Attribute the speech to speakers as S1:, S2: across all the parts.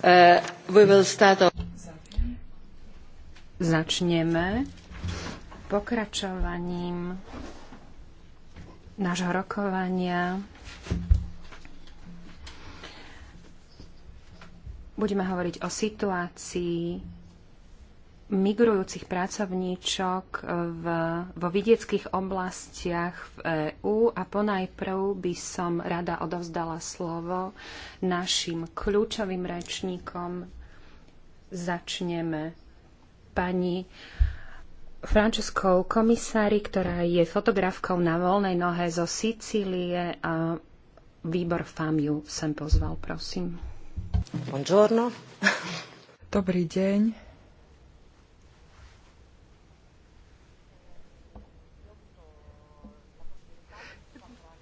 S1: Uh, Začneme pokračovaním nášho rokovania. Budeme hovoriť o situácii migrujúcich pracovníčok v, vo vidieckých oblastiach v EÚ a ponajprv by som rada odovzdala slovo našim kľúčovým rečníkom. Začneme pani Franceskou komisári, ktorá je fotografkou na voľnej nohe zo Sicílie a výbor FAMU ju sem pozval, prosím.
S2: Buongiorno. Dobrý deň.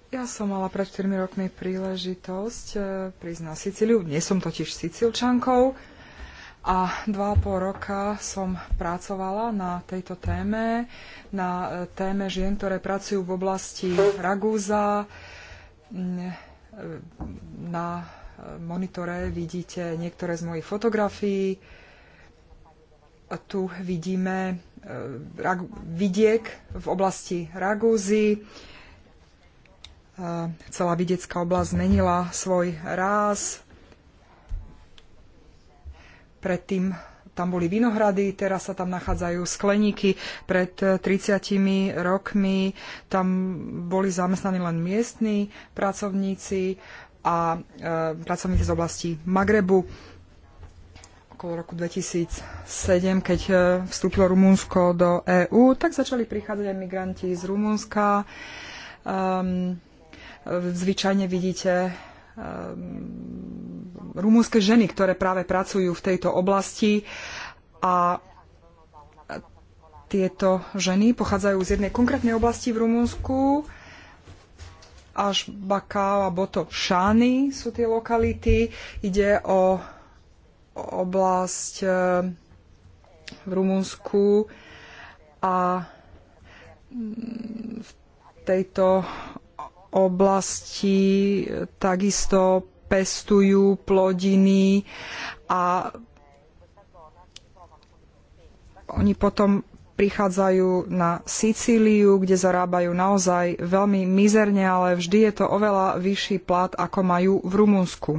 S2: Ja som mala pred 4 rokmi príležitosť e, prísť na Sicíliu. Nie som totiž Sicilčankou A dva a pol roka som pracovala na tejto téme, na e, téme žien, ktoré pracujú v oblasti Ragúza. Mm, e, na monitore vidíte niektoré z mojich fotografií. Tu vidíme vidiek v oblasti Ragúzy Eh, celá vidiecká oblasť zmenila svoj ráz. Predtým tam boli vinohrady, teraz sa tam nachádzajú skleníky. Pred 30 rokmi tam boli zamestnaní len miestni pracovníci a e, pracovníci z oblasti Magrebu. Okolo roku 2007, keď eh, vstúpilo Rumunsko do EÚ, tak začali prichádzať aj migranti z Rumunska. Um, Zvyčajne vidíte um, rumúnske ženy, ktoré práve pracujú v tejto oblasti a tieto ženy pochádzajú z jednej konkrétnej oblasti v Rumunsku, až Bakao a Boto Šány sú tie lokality. Ide o oblasť e, v Rumunsku a v tejto oblasti takisto pestujú plodiny a oni potom prichádzajú na Sicíliu, kde zarábajú naozaj veľmi mizerne, ale vždy je to oveľa vyšší plat, ako majú v Rumunsku.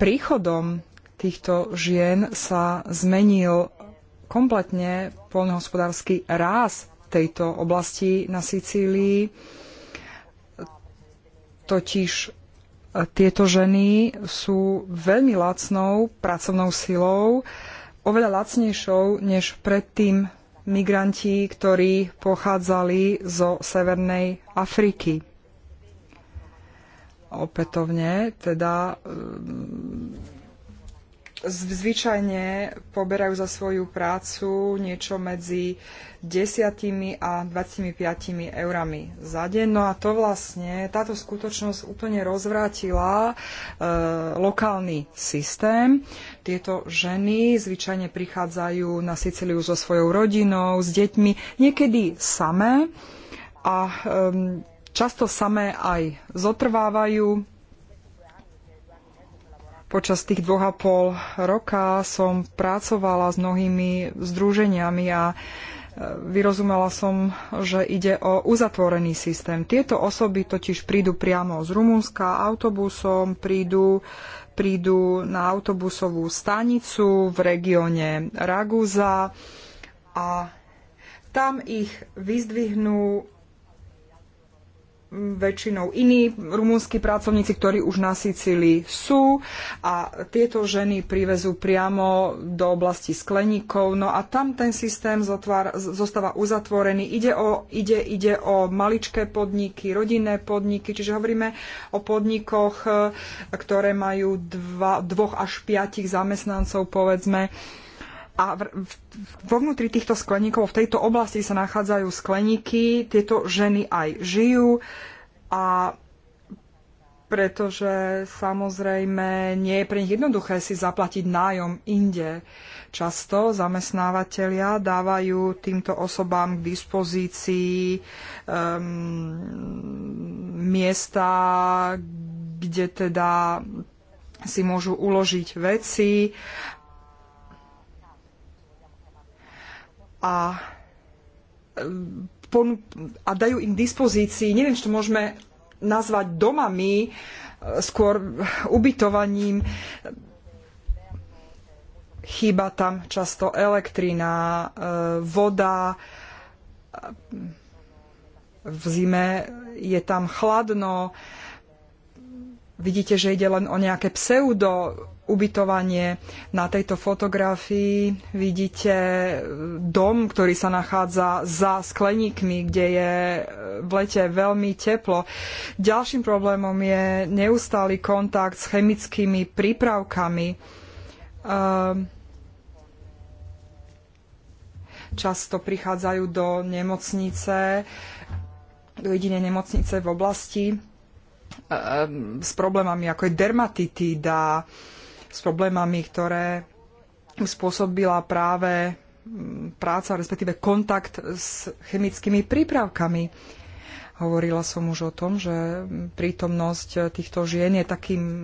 S2: Príchodom týchto žien sa zmenil kompletne poľnohospodársky ráz tejto oblasti na Sicílii. Totiž e, tieto ženy sú veľmi lacnou pracovnou silou, oveľa lacnejšou než predtým migranti, ktorí pochádzali zo Severnej Afriky. Opätovne teda zvyčajne poberajú za svoju prácu niečo medzi 10 a 25 eurami za deň. No a to vlastne, táto skutočnosť úplne rozvrátila e, lokálny systém. Tieto ženy zvyčajne prichádzajú na Sicíliu so svojou rodinou, s deťmi, niekedy samé a e, často samé aj zotrvávajú Počas tých dvoch a pol roka som pracovala s mnohými združeniami a e, vyrozumela som, že ide o uzatvorený systém. Tieto osoby totiž prídu priamo z Rumunska autobusom, prídu, prídu na autobusovú stanicu v regióne Raguza a tam ich vyzdvihnú väčšinou iní rumúnsky pracovníci, ktorí už na Sicílii sú a tieto ženy privezú priamo do oblasti skleníkov. No a tam ten systém zotvár, zostáva uzatvorený. Ide o, ide, ide o maličké podniky, rodinné podniky, čiže hovoríme o podnikoch, e, ktoré majú dva, dvoch až piatich zamestnancov, povedzme. A vo vnútri týchto skleníkov, v tejto oblasti sa nachádzajú skleníky, tieto ženy aj žijú a pretože samozrejme nie je pre nich jednoduché si zaplatiť nájom inde. Často zamestnávateľia dávajú týmto osobám k dispozícii um, miesta, kde teda si môžu uložiť veci a, e, a dajú im k dispozícii, neviem, čo môžeme nazvať domami, e, skôr ubytovaním. Chýba tam často elektrina, e, voda. V zime je tam chladno. Vidíte, že ide len o nejaké pseudo ubytovanie. Na tejto fotografii vidíte eh, dom, ktorý sa nachádza za skleníkmi, kde je eh, v lete veľmi teplo. Ďalším problémom je neustály kontakt s chemickými prípravkami. Eh, často prichádzajú do nemocnice, do jedinej nemocnice v oblasti s problémami ako je dermatitída, s problémami, ktoré spôsobila práve mm, práca, respektíve kontakt s chemickými prípravkami. Hovorila som už o tom, že prítomnosť týchto žien je takým mm,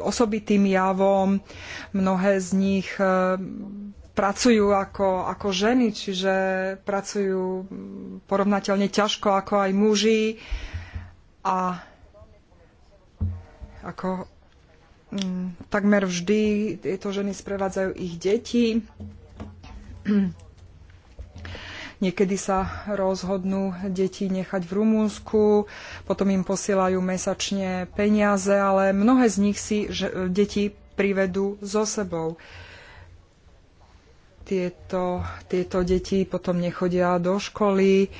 S2: osobitým javom. Mnohé z nich e, pracujú ako, ako ženy, čiže pracujú mm, porovnateľne ťažko ako aj muži. A ako Mm, takmer vždy tieto ženy sprevádzajú ich deti. Niekedy sa rozhodnú deti nechať v Rumúnsku, potom im posielajú mesačne peniaze, ale mnohé z nich si že, deti privedú so sebou. Tieto, tieto deti potom nechodia do školy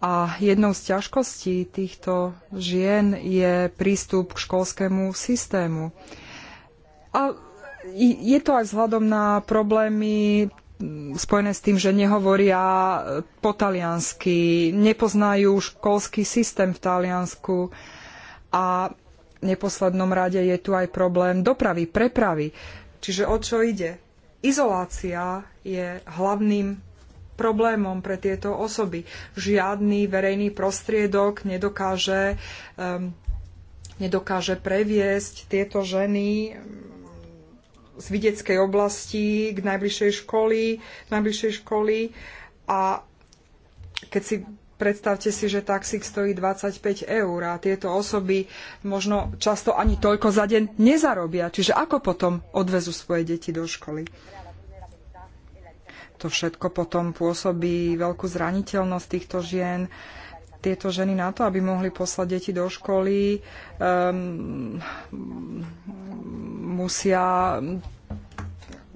S2: a jednou z ťažkostí týchto žien je prístup k školskému systému. A je to aj vzhľadom na problémy spojené s tým, že nehovoria po taliansky, nepoznajú školský systém v Taliansku a v neposlednom rade je tu aj problém dopravy, prepravy. Čiže o čo ide? Izolácia je hlavným problémom pre tieto osoby. Žiadny verejný prostriedok nedokáže, um, nedokáže previesť tieto ženy z videckej oblasti k najbližšej školy, najbližšej školy a keď si predstavte si, že taxík stojí 25 eur a tieto osoby možno často ani toľko za deň nezarobia. Čiže ako potom odvezú svoje deti do školy? To všetko potom pôsobí veľkú zraniteľnosť týchto žien tieto ženy na to, aby mohli poslať deti do školy, um, musia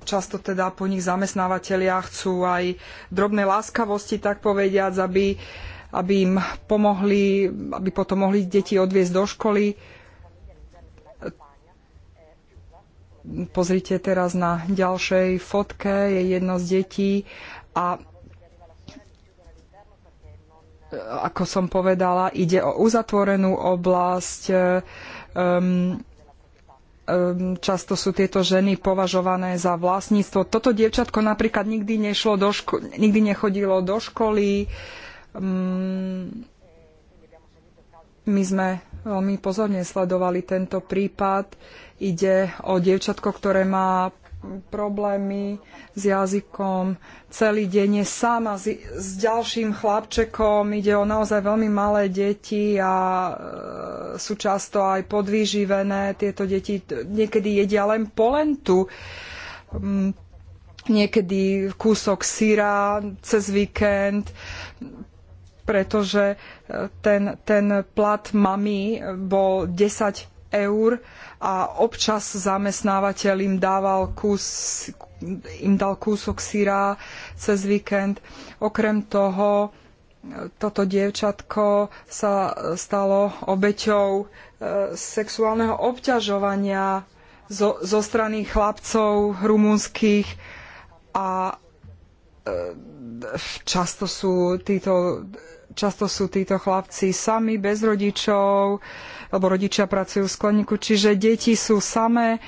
S2: často teda po nich zamestnávateľia chcú aj drobné láskavosti, tak povediac, aby, aby im pomohli, aby potom mohli deti odviezť do školy. Pozrite teraz na ďalšej fotke, je jedno z detí a ako som povedala, ide o uzatvorenú oblasť. E, um, um, často sú tieto ženy považované za vlastníctvo. Toto dievčatko napríklad nikdy, nešlo do ško- nikdy nechodilo do školy. Um, my sme veľmi pozorne sledovali tento prípad. Ide o dievčatko, ktoré má problémy s jazykom, celý deň je sama s, s ďalším chlapčekom, ide o naozaj veľmi malé deti a e, sú často aj podvýživené. Tieto deti niekedy jedia len polentu, um, niekedy kúsok syra cez víkend pretože e, ten, ten plat mami bol 10 eur a občas zamestnávateľ im dával kus, im dal kúsok syra cez víkend. Okrem toho toto dievčatko sa stalo obeťou e, sexuálneho obťažovania zo, zo strany chlapcov rumunských a e, často sú títo často sú títo chlapci sami, bez rodičov, lebo rodičia pracujú v skleníku, čiže deti sú samé,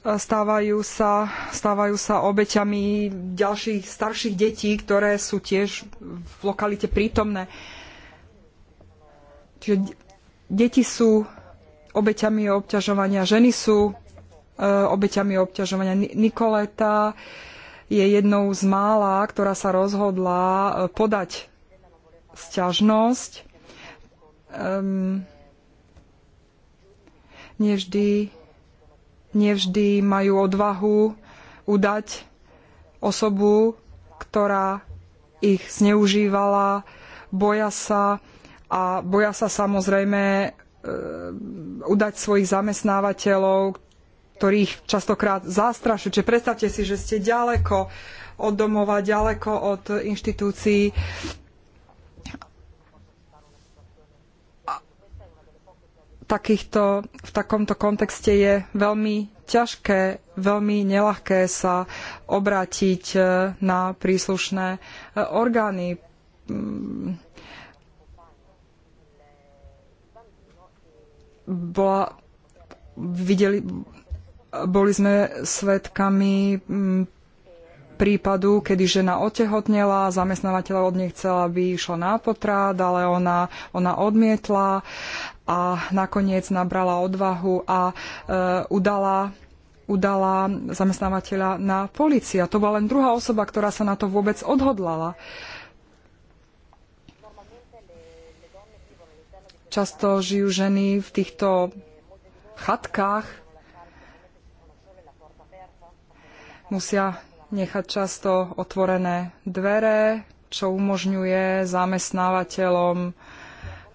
S2: stávajú sa, stávajú sa obeťami ďalších starších detí, ktoré sú tiež v lokalite prítomné. Čiže deti sú obeťami obťažovania, ženy sú e, obeťami obťažovania. Nikoleta je jednou z mála, ktorá sa rozhodla e, podať sťažnosť. Um, nevždy, nevždy majú odvahu udať osobu, ktorá ich zneužívala, boja sa a boja sa samozrejme e, udať svojich zamestnávateľov, ktorých častokrát zastrašujú. Čiže predstavte si, že ste ďaleko od domova, ďaleko od inštitúcií takýchto, v takomto kontexte je veľmi ťažké, veľmi nelahké sa obrátiť e, na príslušné e, orgány. Mm. Bola, videli, boli sme svedkami mm, prípadu, kedy žena otehotnela, zamestnávateľ od nej chcela, aby išla na potrat, ale ona, ona odmietla a nakoniec nabrala odvahu a e, udala udala zamestnávateľa na policia. to bola len druhá osoba, ktorá sa na to vôbec odhodlala. Často žijú ženy v týchto chatkách. Musia nechať často otvorené dvere, čo umožňuje zamestnávateľom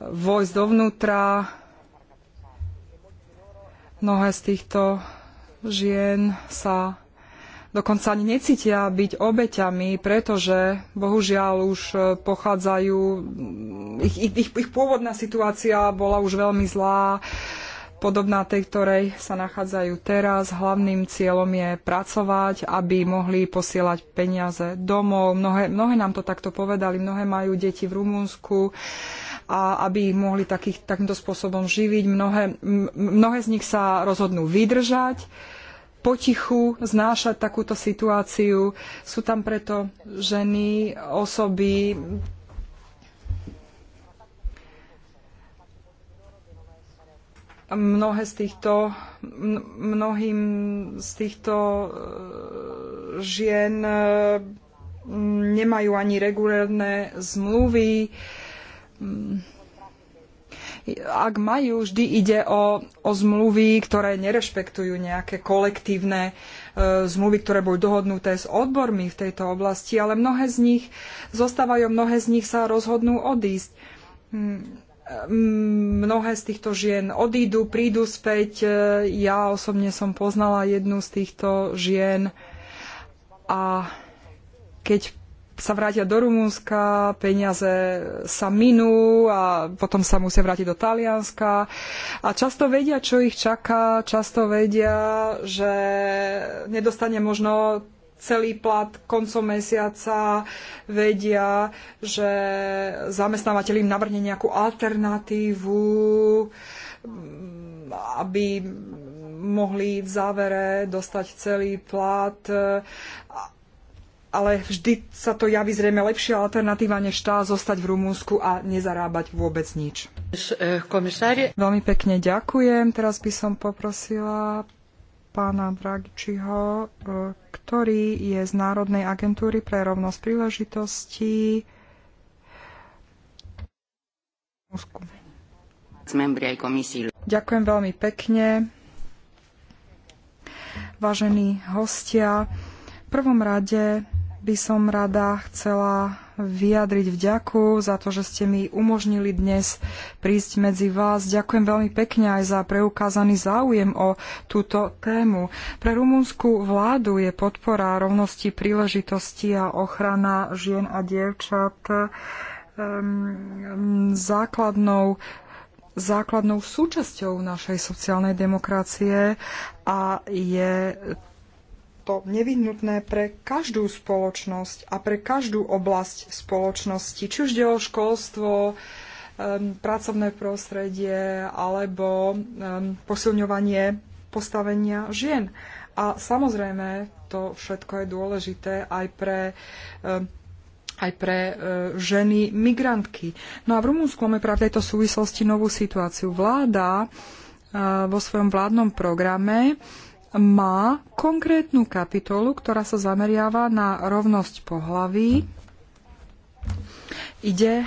S2: vojsť dovnútra. Mnohé z týchto žien sa dokonca ani necítia byť obeťami, pretože bohužiaľ už e, pochádzajú, ich, ich, ich pôvodná situácia bola už veľmi zlá, podobná tej, ktorej sa nachádzajú teraz. Hlavným cieľom je pracovať, aby mohli posielať peniaze domov. Mnohé, mnohé nám to takto povedali, mnohé majú deti v Rumunsku a aby ich mohli takých, takýmto spôsobom živiť. Mnohé, mnohé z nich sa rozhodnú vydržať potichu znášať takúto situáciu. Sú tam preto ženy, osoby, mnohé z týchto, mnohým z týchto e, žien e, nemajú ani regulárne zmluvy. Mm. Ak majú, vždy ide o, o zmluvy, ktoré nerešpektujú nejaké kolektívne e, zmluvy, ktoré boli dohodnuté s odbormi v tejto oblasti, ale mnohé z nich zostávajú, mnohé z nich sa rozhodnú odísť. Mm mnohé z týchto žien odídu, prídu späť. Ja osobne som poznala jednu z týchto žien a keď sa vrátia do Rumúnska, peniaze sa minú a potom sa musia vrátiť do Talianska. A často vedia, čo ich čaká, často vedia, že nedostane možno celý plat koncom mesiaca, vedia, že zamestnávateľ im navrhne nejakú alternatívu, aby mohli v závere dostať celý plat. Ale vždy sa to javí zrejme lepšia alternatíva, než tá zostať v Rumúnsku a nezarábať vôbec nič. E, komisári. Veľmi pekne ďakujem. Teraz by som poprosila pána Dragčiho, e, ktorý je z Národnej agentúry pre rovnosť príležitostí. Ďakujem veľmi pekne. Vážení hostia, v prvom rade by som rada chcela vyjadriť vďaku za to, že ste mi umožnili dnes prísť medzi vás. Ďakujem veľmi pekne aj za preukázaný záujem o túto tému. Pre rumúnsku vládu je podpora rovnosti príležitosti a ochrana žien a dievčat um, základnou základnou súčasťou našej sociálnej demokracie a je to nevyhnutné pre každú spoločnosť a pre každú oblasť spoločnosti, či už ide o školstvo, pracovné prostredie alebo posilňovanie postavenia žien. A samozrejme, to všetko je dôležité aj pre aj pre e, ženy migrantky. No a v Rumúnsku máme práve v tejto súvislosti novú situáciu. Vláda e, vo svojom vládnom programe má konkrétnu kapitolu, ktorá sa zameriava na rovnosť pohlaví. Ide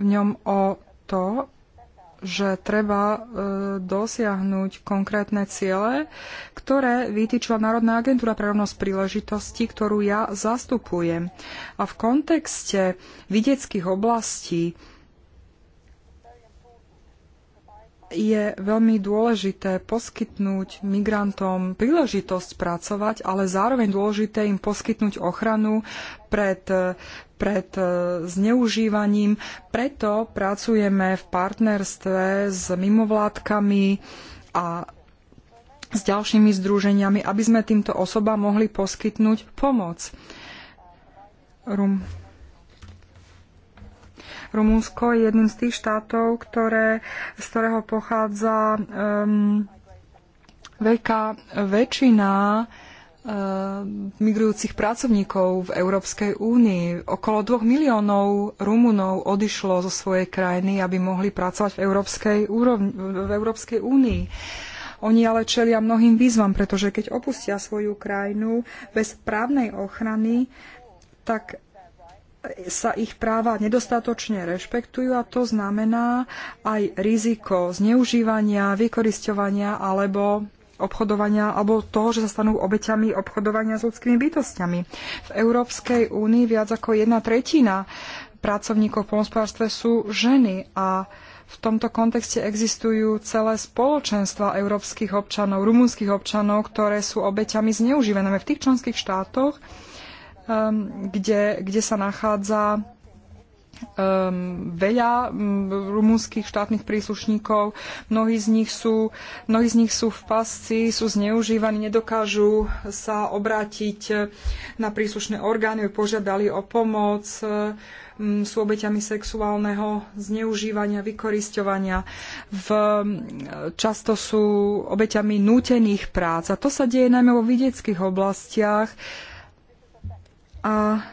S2: v ňom o to, že treba e, dosiahnuť konkrétne ciele, ktoré vytýčila Národná agentúra pre rovnosť príležitosti, ktorú ja zastupujem. A v kontexte vidieckých oblastí je veľmi dôležité poskytnúť migrantom príležitosť pracovať, ale zároveň dôležité im poskytnúť ochranu pred, pred e, zneužívaním. Preto pracujeme v partnerstve s mimovládkami a s ďalšími združeniami, aby sme týmto osobám mohli poskytnúť pomoc. Rum. Rumunsko je jedným z tých štátov, ktoré, z ktorého pochádza um, veľká väčšina migrujúcich pracovníkov v Európskej únii. Okolo dvoch miliónov Rumunov odišlo zo svojej krajiny, aby mohli pracovať v Európskej, úrovni, v Európskej únii. Oni ale čelia mnohým výzvam, pretože keď opustia svoju krajinu bez právnej ochrany, tak sa ich práva nedostatočne rešpektujú a to znamená aj riziko zneužívania, vykorisťovania alebo obchodovania alebo toho, že sa stanú obeťami obchodovania s ľudskými bytostiami. V Európskej únii viac ako jedna tretina pracovníkov v polnospodárstve sú ženy a v tomto kontexte existujú celé spoločenstva európskych občanov, rumunských občanov, ktoré sú obeťami zneužívané v tých členských štátoch, Ehm, kde, kde sa nachádza um, veľa um, rumúnskych štátnych príslušníkov. Mnohí z, nich sú, mnohí z nich sú v pasci, sú zneužívaní, nedokážu sa obrátiť na príslušné orgány, požiadali o pomoc, sú obeťami sexuálneho zneužívania, vykorisťovania. V, často sú obeťami nútených prác. A to sa deje najmä vo vidieckých oblastiach, a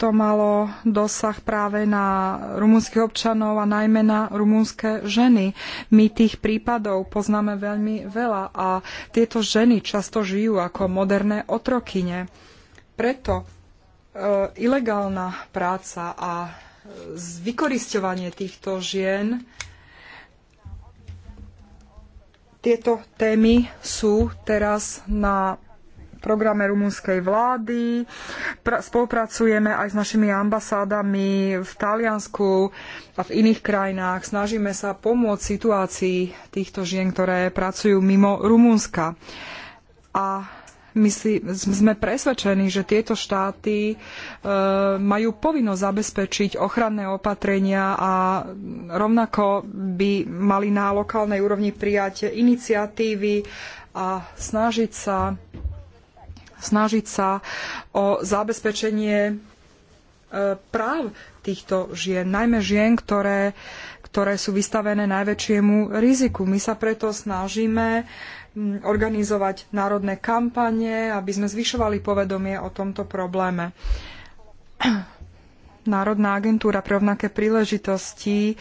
S2: to malo dosah práve na rumúnskych občanov a najmä na rumúnske ženy. My tých prípadov poznáme veľmi veľa a tieto ženy často žijú ako moderné otrokyne. Preto e, ilegálna práca a vykorisťovanie týchto žien tieto témy sú teraz na programe rumunskej vlády. spolupracujeme aj s našimi ambasádami v Taliansku a v iných krajinách. Snažíme sa pomôcť situácii týchto žien, ktoré pracujú mimo Rumunska. A my si, sme presvedčení, že tieto štáty e, majú povinnosť zabezpečiť ochranné opatrenia a rovnako by mali na lokálnej úrovni prijať iniciatívy a snažiť sa snažiť sa o zabezpečenie e, práv týchto žien, najmä žien, ktoré, ktoré sú vystavené najväčšiemu riziku. My sa preto snažíme organizovať národné kampane, aby sme zvyšovali povedomie o tomto probléme. Národná agentúra pre rovnaké príležitosti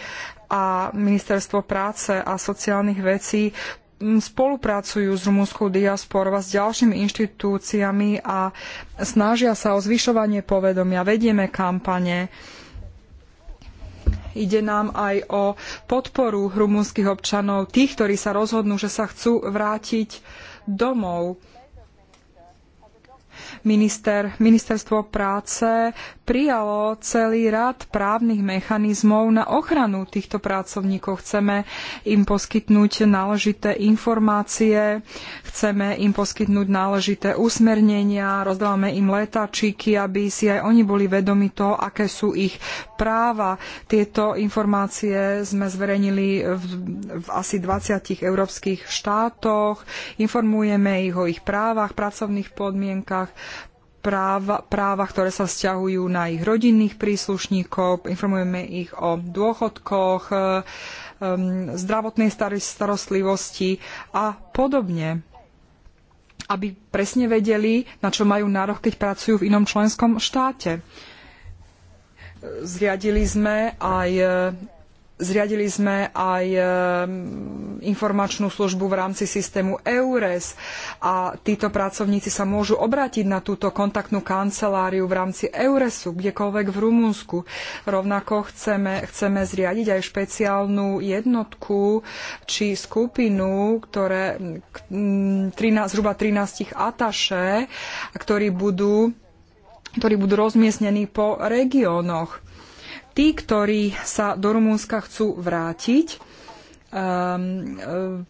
S2: a Ministerstvo práce a sociálnych vecí spolupracujú s rumúnskou diasporou a s ďalšími inštitúciami a snažia sa o zvyšovanie povedomia. Vedieme kampane. Ide nám aj o podporu rumúnskych občanov, tých, ktorí sa rozhodnú, že sa chcú vrátiť domov minister, ministerstvo práce prijalo celý rad právnych mechanizmov na ochranu týchto pracovníkov. Chceme im poskytnúť náležité informácie, chceme im poskytnúť náležité usmernenia, rozdávame im letačiky, aby si aj oni boli vedomi toho, aké sú ich práva. Tieto informácie sme zverejnili v, v asi 20 európskych štátoch. Informujeme ich o ich právach, pracovných podmienkach práva, práva, ktoré sa vzťahujú na ich rodinných príslušníkov, informujeme ich o dôchodkoch, eh, zdravotnej starostlivosti a podobne aby presne vedeli, na čo majú nárok, keď pracujú v inom členskom štáte. Zriadili sme aj eh, Zriadili sme aj ehm, informačnú službu v rámci systému EURES a títo pracovníci sa môžu obrátiť na túto kontaktnú kanceláriu v rámci EURESu, kdekoľvek v Rumunsku. Rovnako chceme, chceme zriadiť aj špeciálnu jednotku či skupinu, ktoré 13, zhruba 13 ataše, ktorí budú ktorí budú rozmiestnení po regiónoch Tí, ktorí sa do Rumúnska chcú vrátiť, ehm, e,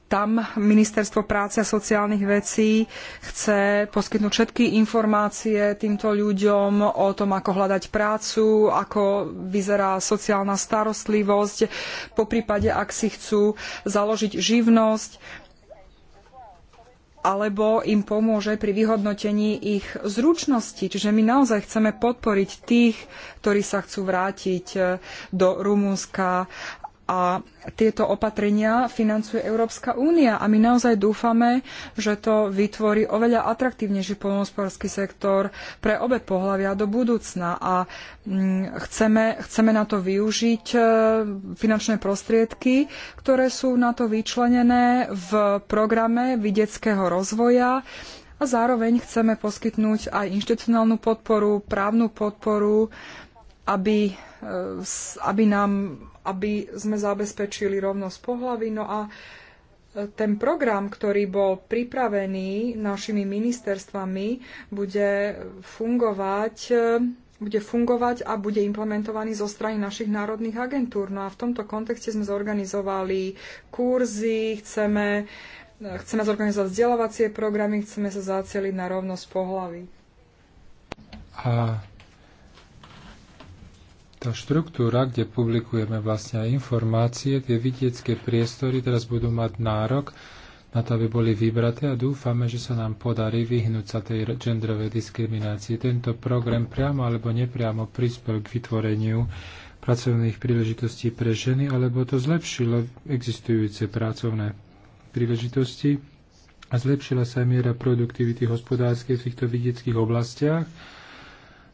S2: tam Ministerstvo práce a sociálnych vecí chce poskytnúť všetky informácie týmto ľuďom o tom, ako hľadať prácu, ako vyzerá sociálna starostlivosť, po prípade, ak si chcú založiť živnosť alebo im pomôže pri vyhodnotení ich zručnosti. Čiže my naozaj chceme podporiť tých, ktorí sa chcú vrátiť eh, do Rumunska a tieto opatrenia financuje Európska únia a my naozaj dúfame, že to vytvorí oveľa atraktívnejší polnohospodársky sektor pre obe pohľavia do budúcna a mm, chceme, chceme na to využiť e, finančné prostriedky, ktoré sú na to vyčlenené v programe videckého rozvoja a zároveň chceme poskytnúť aj inštitucionálnu podporu, právnu podporu, aby Eh, aby, nám, aby sme zabezpečili rovnosť pohlavy. No a eh, ten program, ktorý bol pripravený našimi ministerstvami, bude fungovať eh, bude fungovať a bude implementovaný zo strany našich národných agentúr. No a v tomto kontexte sme zorganizovali kurzy, chceme, chceme zorganizovať vzdelávacie programy, chceme sa zacieliť na rovnosť pohlavy.
S3: A tá štruktúra, kde publikujeme vlastne aj informácie, tie vidiecké priestory teraz budú mať nárok na to, aby boli vybraté a dúfame, že sa nám podarí vyhnúť sa tej genderovej diskriminácii. Tento program priamo alebo nepriamo prispel k vytvoreniu pracovných príležitostí pre ženy, alebo to zlepšilo existujúce pracovné príležitosti a zlepšila sa miera produktivity hospodárskej v týchto vidieckých oblastiach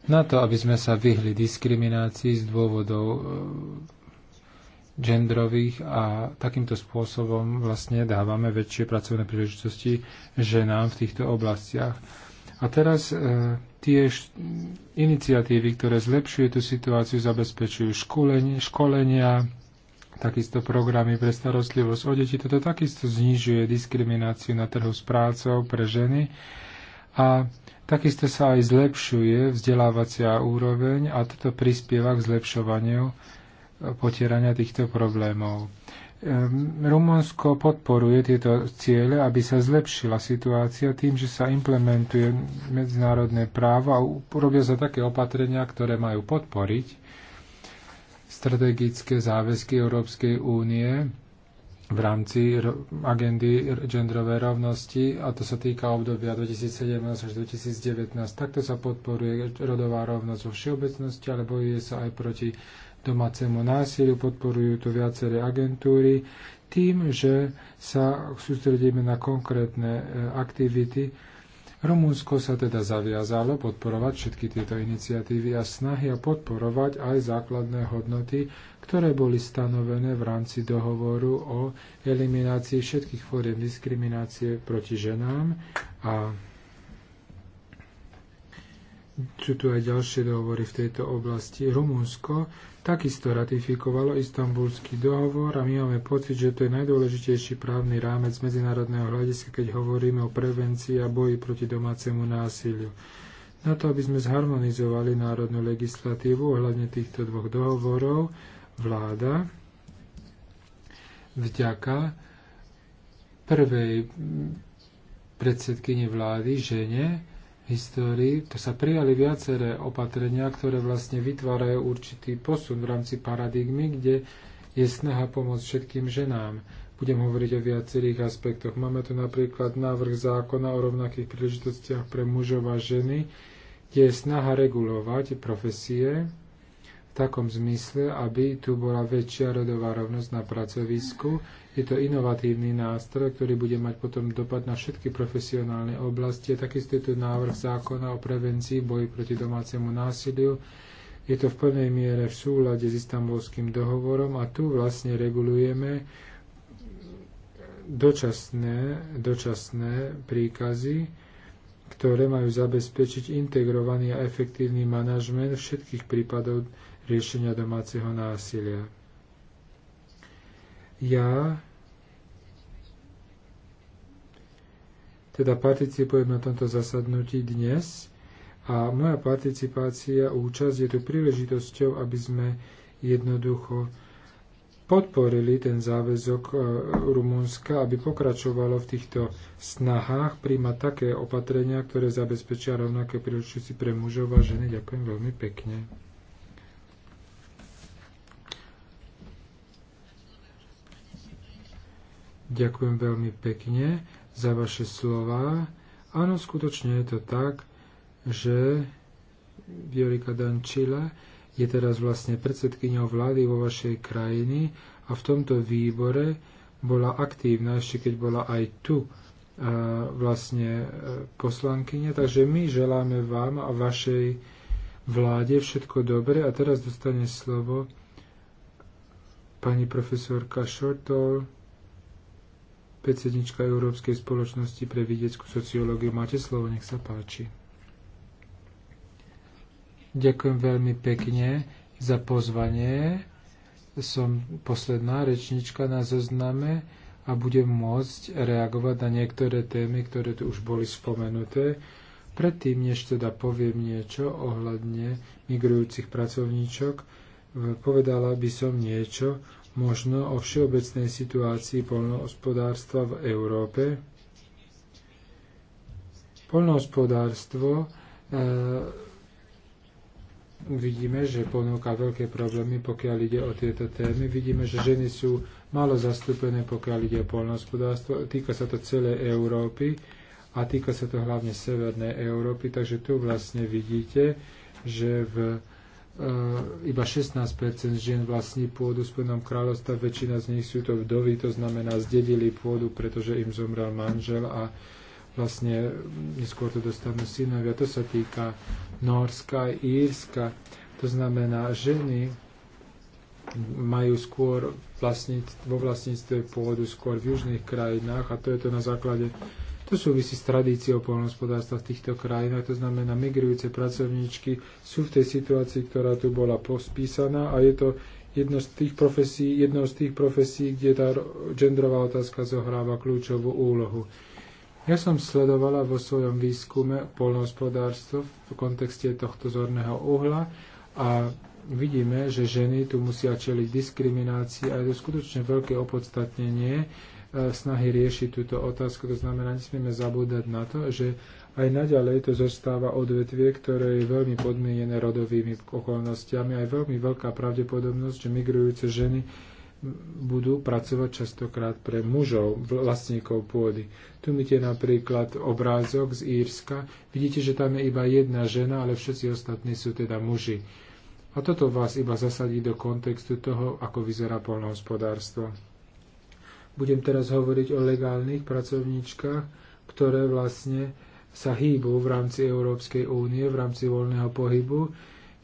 S3: na to, aby sme sa vyhli diskriminácii z dôvodov e, genderových a takýmto spôsobom vlastne dávame väčšie pracovné príležitosti ženám v týchto oblastiach. A teraz e, tie iniciatívy, ktoré zlepšujú tú situáciu, zabezpečujú školenie, školenia, takisto programy pre starostlivosť o deti. Toto takisto znižuje diskrimináciu na trhu s prácou pre ženy. A Takisto sa aj zlepšuje vzdelávacia úroveň a toto prispieva k zlepšovaniu e, potierania týchto problémov. Ehm, Rumunsko podporuje tieto ciele, aby sa zlepšila situácia tým, že sa implementuje medzinárodné právo a robia sa také opatrenia, ktoré majú podporiť strategické záväzky Európskej únie v rámci agendy genderovej rovnosti a to sa týka obdobia 2017 až 2019. Takto sa podporuje rodová rovnosť vo všeobecnosti, ale bojuje sa aj proti domácemu násiliu, podporujú to viaceré agentúry tým, že sa sústredíme na konkrétne e, aktivity, Rumunsko sa teda zaviazalo podporovať všetky tieto iniciatívy a snahy a podporovať aj základné hodnoty, ktoré boli stanovené v rámci dohovoru o eliminácii všetkých fóriem diskriminácie proti ženám a sú tu aj ďalšie dohovory v tejto oblasti. Rumunsko takisto ratifikovalo istambulský dohovor a my máme pocit, že to je najdôležitejší právny rámec medzinárodného hľadiska, keď hovoríme o prevencii a boji proti domácemu násiliu. Na to, aby sme zharmonizovali národnú legislatívu ohľadne týchto dvoch dohovorov, vláda vďaka prvej predsedkyni vlády, žene, histórii, to sa prijali viaceré opatrenia, ktoré vlastne vytvárajú určitý posun v rámci paradigmy, kde je snaha pomôcť všetkým ženám. Budem hovoriť o viacerých aspektoch. Máme tu napríklad návrh zákona o rovnakých príležitostiach pre mužov a ženy, kde je snaha regulovať profesie, takom zmysle, aby tu bola väčšia rodová rovnosť na pracovisku. Je to inovatívny nástroj, ktorý bude mať potom dopad na všetky profesionálne oblasti. Takisto je tu návrh zákona o prevencii boji proti domácemu násiliu. Je to v plnej miere v súlade s istambulským dohovorom a tu vlastne regulujeme dočasné, dočasné príkazy, ktoré majú zabezpečiť integrovaný a efektívny manažment všetkých prípadov riešenia domáceho násilia. Ja teda participujem na tomto zasadnutí dnes a moja participácia, účasť je tu príležitosťou, aby sme jednoducho podporili ten záväzok e, Rumunska, aby pokračovalo v týchto snahách príjmať také opatrenia, ktoré zabezpečia rovnaké príležitosti pre mužov a ženy. Ďakujem veľmi pekne. Ďakujem veľmi pekne za vaše slova. Áno, skutočne je to tak, že Viorika Dančila je teraz vlastne predsedkyňou vlády vo vašej krajiny a v tomto výbore bola aktívna, ešte keď bola aj tu vlastne e, poslankyňa. Takže my želáme vám a vašej vláde všetko dobre. A teraz dostane slovo pani profesorka Šortol predsednička Európskej spoločnosti pre vidieckú sociológiu. Máte slovo, nech sa páči. Ďakujem veľmi pekne za pozvanie. Som posledná rečnička na zozname a budem môcť reagovať na niektoré témy, ktoré tu už boli spomenuté. Predtým, než teda poviem niečo ohľadne migrujúcich pracovníčok, povedala by som niečo možno o všeobecnej situácii poľnohospodárstva v Európe. Poľnohospodárstvo e, vidíme, že ponúka veľké problémy, pokiaľ ide o tieto témy. Vidíme, že ženy sú malo zastúpené, pokiaľ ide o poľnohospodárstvo. Týka sa to celej Európy a týka sa to hlavne Severnej Európy, takže tu vlastne vidíte, že v E, iba 16% žien vlastní pôdu v Spojenom kráľovstve, väčšina z nich sú to vdovy, to znamená zdedili pôdu, pretože im zomrel manžel a vlastne neskôr to dostanú synovia. To sa týka Norska a Írska. To znamená, ženy majú skôr vlastniť, vo vlastníctve pôdu skôr v južných krajinách a to je to na základe to súvisí s tradíciou poľnohospodárstva v týchto krajinách, to znamená, migrujúce pracovníčky sú v tej situácii, ktorá tu bola pospísaná a je to jedno z tých profesí, jednou z tých profesí, kde tá genderová otázka zohráva kľúčovú úlohu. Ja som sledovala vo svojom výskume poľnohospodárstvo v kontexte tohto zorného uhla a vidíme, že ženy tu musia čeliť diskriminácii a je to skutočne veľké opodstatnenie, E, snahy riešiť túto otázku. To znamená, nesmieme zabúdať na to, že aj naďalej to zostáva odvetvie, ktoré je veľmi podmienené rodovými okolnostiami a je veľmi veľká pravdepodobnosť, že migrujúce ženy budú pracovať častokrát pre mužov, vlastníkov pôdy. Tu vidíte napríklad obrázok z Írska. Vidíte, že tam je iba jedna žena, ale všetci ostatní sú teda muži. A toto vás iba zasadí do kontextu toho, ako vyzerá polnohospodárstvo. Budem teraz hovoriť o legálnych pracovníčkach, ktoré vlastne sa hýbu v rámci Európskej únie, v rámci voľného pohybu.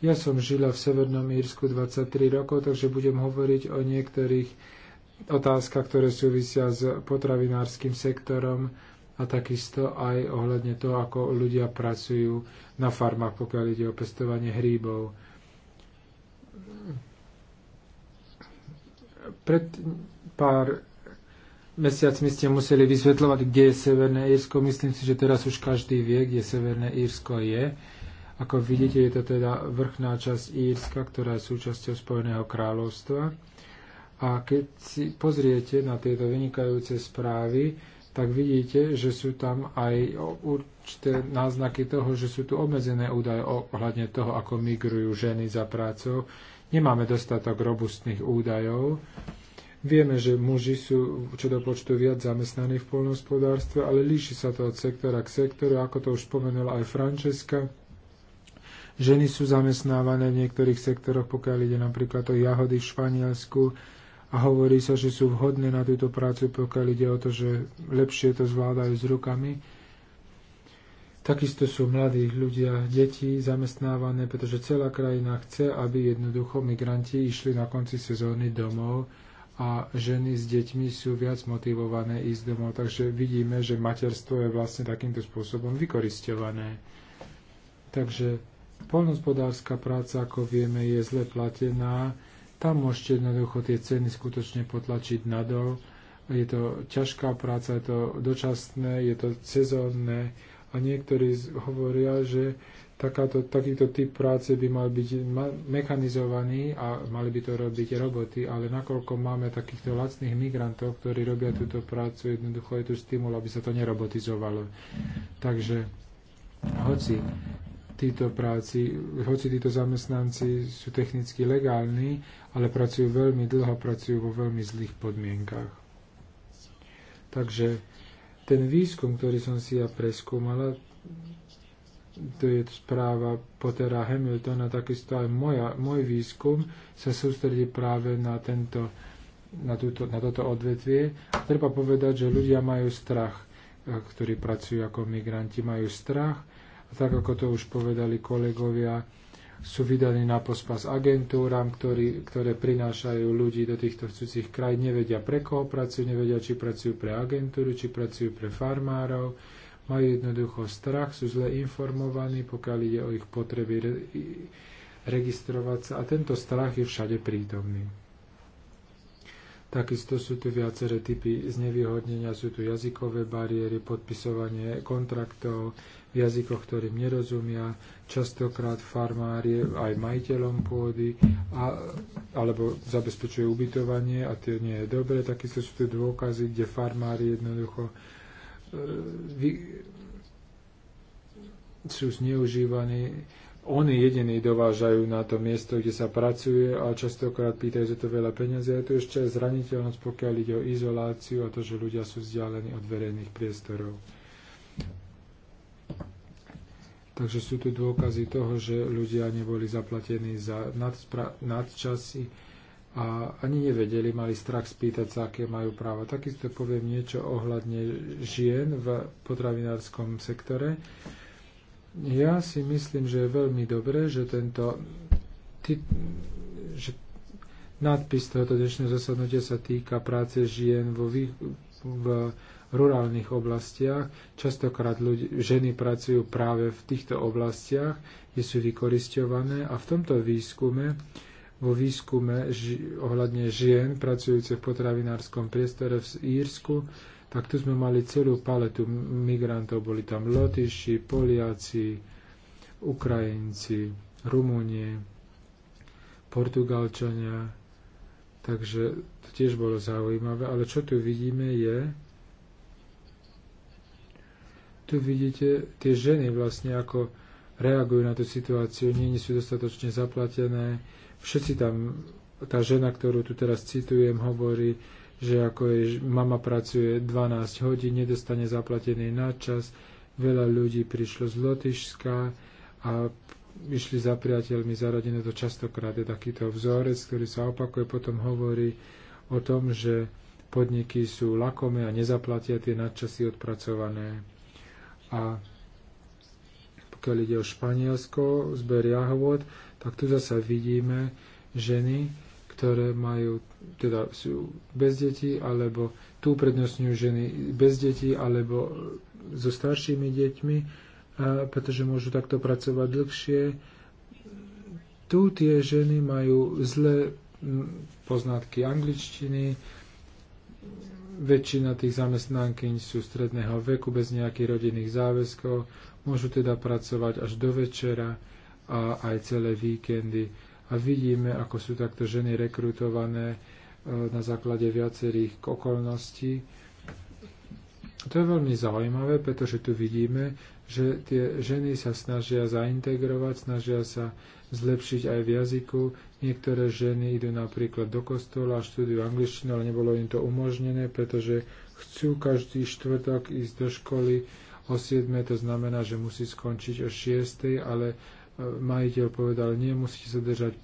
S3: Ja som žila v Severnom Írsku 23 rokov, takže budem hovoriť o niektorých otázkach, ktoré súvisia s potravinárskym sektorom a takisto aj ohľadne toho, ako ľudia pracujú na farmách, pokiaľ ide o pestovanie hríbov. Pred pár mesiacmi ste museli vysvetľovať, kde je Severné Írsko. Myslím si, že teraz už každý vie, kde Severné Írsko je. Ako vidíte, je to teda vrchná časť Írska, ktorá je súčasťou Spojeného kráľovstva. A keď si pozriete na tieto vynikajúce správy, tak vidíte, že sú tam aj určité náznaky toho, že sú tu obmedzené údaje ohľadne toho, ako migrujú ženy za prácou. Nemáme dostatok robustných údajov Vieme, že muži sú čo do počtu viac zamestnaní v poľnohospodárstve, ale líši sa to od sektora k sektoru, ako to už spomenula aj Francesca. Ženy sú zamestnávané v niektorých sektoroch, pokiaľ ide napríklad o jahody v Španielsku a hovorí sa, že sú vhodné na túto prácu, pokiaľ ide o to, že lepšie to zvládajú s rukami. Takisto sú mladí ľudia, deti zamestnávané, pretože celá krajina chce, aby jednoducho migranti išli na konci sezóny domov a ženy s deťmi sú viac motivované ísť domov. Takže vidíme, že materstvo je vlastne takýmto spôsobom vykoristované. Takže polnospodárska práca, ako vieme, je zle platená. Tam môžete jednoducho tie ceny skutočne potlačiť nadol. Je to ťažká práca, je to dočasné, je to sezónne a niektorí hovoria, že takáto, takýto typ práce by mal byť mechanizovaný a mali by to robiť roboty, ale nakoľko máme takýchto lacných migrantov, ktorí robia túto prácu, jednoducho je tu stimul, aby sa to nerobotizovalo. Takže hoci títo práci, hoci títo zamestnanci sú technicky legálni, ale pracujú veľmi dlho, pracujú vo veľmi zlých podmienkach. Takže ten výskum, ktorý som si ja preskúmala, to je správa Pottera Hamiltona, takisto aj moja, môj výskum sa sústredí práve na, tento, na, túto, na toto odvetvie. Treba povedať, že ľudia majú strach, ktorí pracujú ako migranti, majú strach. A tak ako to už povedali kolegovia, sú vydaní na pospas agentúram, ktorý, ktoré prinášajú ľudí do týchto chcúcich krajín. Nevedia, pre koho pracujú, nevedia, či pracujú pre agentúru, či pracujú pre farmárov. Majú jednoducho strach, sú zle informovaní, pokiaľ ide o ich potreby re, registrovať sa. A tento strach je všade prítomný. Takisto sú tu viaceré typy znevýhodnenia, sú tu jazykové bariéry, podpisovanie kontraktov, v jazykoch, ktorým nerozumia. Častokrát farmár je aj majiteľom pôdy a, alebo zabezpečuje ubytovanie a to nie je dobre. Takisto sú tu dôkazy, kde farmár jednoducho e, vy, sú zneužívaní oni jediní dovážajú na to miesto, kde sa pracuje a častokrát pýtajú za to veľa peniazy. A je ešte aj zraniteľnosť, pokiaľ ide o izoláciu a to, že ľudia sú vzdialení od verejných priestorov. Takže sú tu dôkazy toho, že ľudia neboli zaplatení za nadčasy a ani nevedeli, mali strach spýtať sa, aké majú práva. Takisto poviem niečo ohľadne žien v potravinárskom sektore. Ja si myslím, že je veľmi dobré, že tento ty, že nadpis tohoto dnešného zasadnutia sa týka práce žien vo, vý, v v rurálnych oblastiach. Častokrát ľudí, ženy pracujú práve v týchto oblastiach, kde sú vykoristované a v tomto výskume vo výskume ži, ohľadne žien pracujúce v potravinárskom priestore v Írsku, tak tu sme mali celú paletu migrantov. Boli tam Lotyši, Poliaci, Ukrajinci, Rumúni, Portugalčania. Takže to tiež bolo zaujímavé. Ale čo tu vidíme je, tu vidíte tie ženy vlastne ako reagujú na tú situáciu, nie, nie sú dostatočne zaplatené. Všetci tam, tá žena, ktorú tu teraz citujem, hovorí, že ako je, mama pracuje 12 hodín, nedostane zaplatený nadčas, veľa ľudí prišlo z Lotyšska a išli za priateľmi, za rodinu, to častokrát je takýto vzorec, ktorý sa opakuje, potom hovorí o tom, že podniky sú lakome a nezaplatia tie nadčasy odpracované. A pokiaľ ide o Španielsko, zber jahovod, tak tu zase vidíme ženy, ktoré majú, teda sú bez detí, alebo tu prednostňujú ženy bez detí, alebo so staršími deťmi, pretože môžu takto pracovať dlhšie. Tu tie ženy majú zlé poznatky angličtiny, väčšina tých zamestnankyň sú stredného veku, bez nejakých rodinných záväzkov, môžu teda pracovať až do večera a aj celé víkendy. A vidíme, ako sú takto ženy rekrutované e, na základe viacerých okolností. To je veľmi zaujímavé, pretože tu vidíme, že tie ženy sa snažia zaintegrovať, snažia sa zlepšiť aj v jazyku, Niektoré ženy idú napríklad do kostola a študujú angličtinu, ale nebolo im to umožnené, pretože chcú každý štvrtok ísť do školy o 7, to znamená, že musí skončiť o 6, ale e, majiteľ povedal, nie, musíte sa držať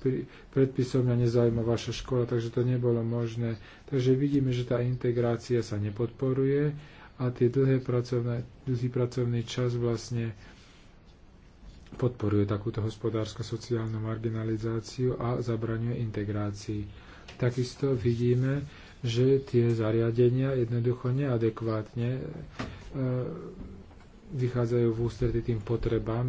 S3: predpisom, mňa nezaujíma vaša škola, takže to nebolo možné. Takže vidíme, že tá integrácia sa nepodporuje a tie dlhé pracovné, dlhý pracovný čas vlastne podporuje takúto hospodársko-sociálnu marginalizáciu a zabraňuje integrácii. Takisto vidíme, že tie zariadenia jednoducho neadekvátne e, vychádzajú v ústredy tým potrebám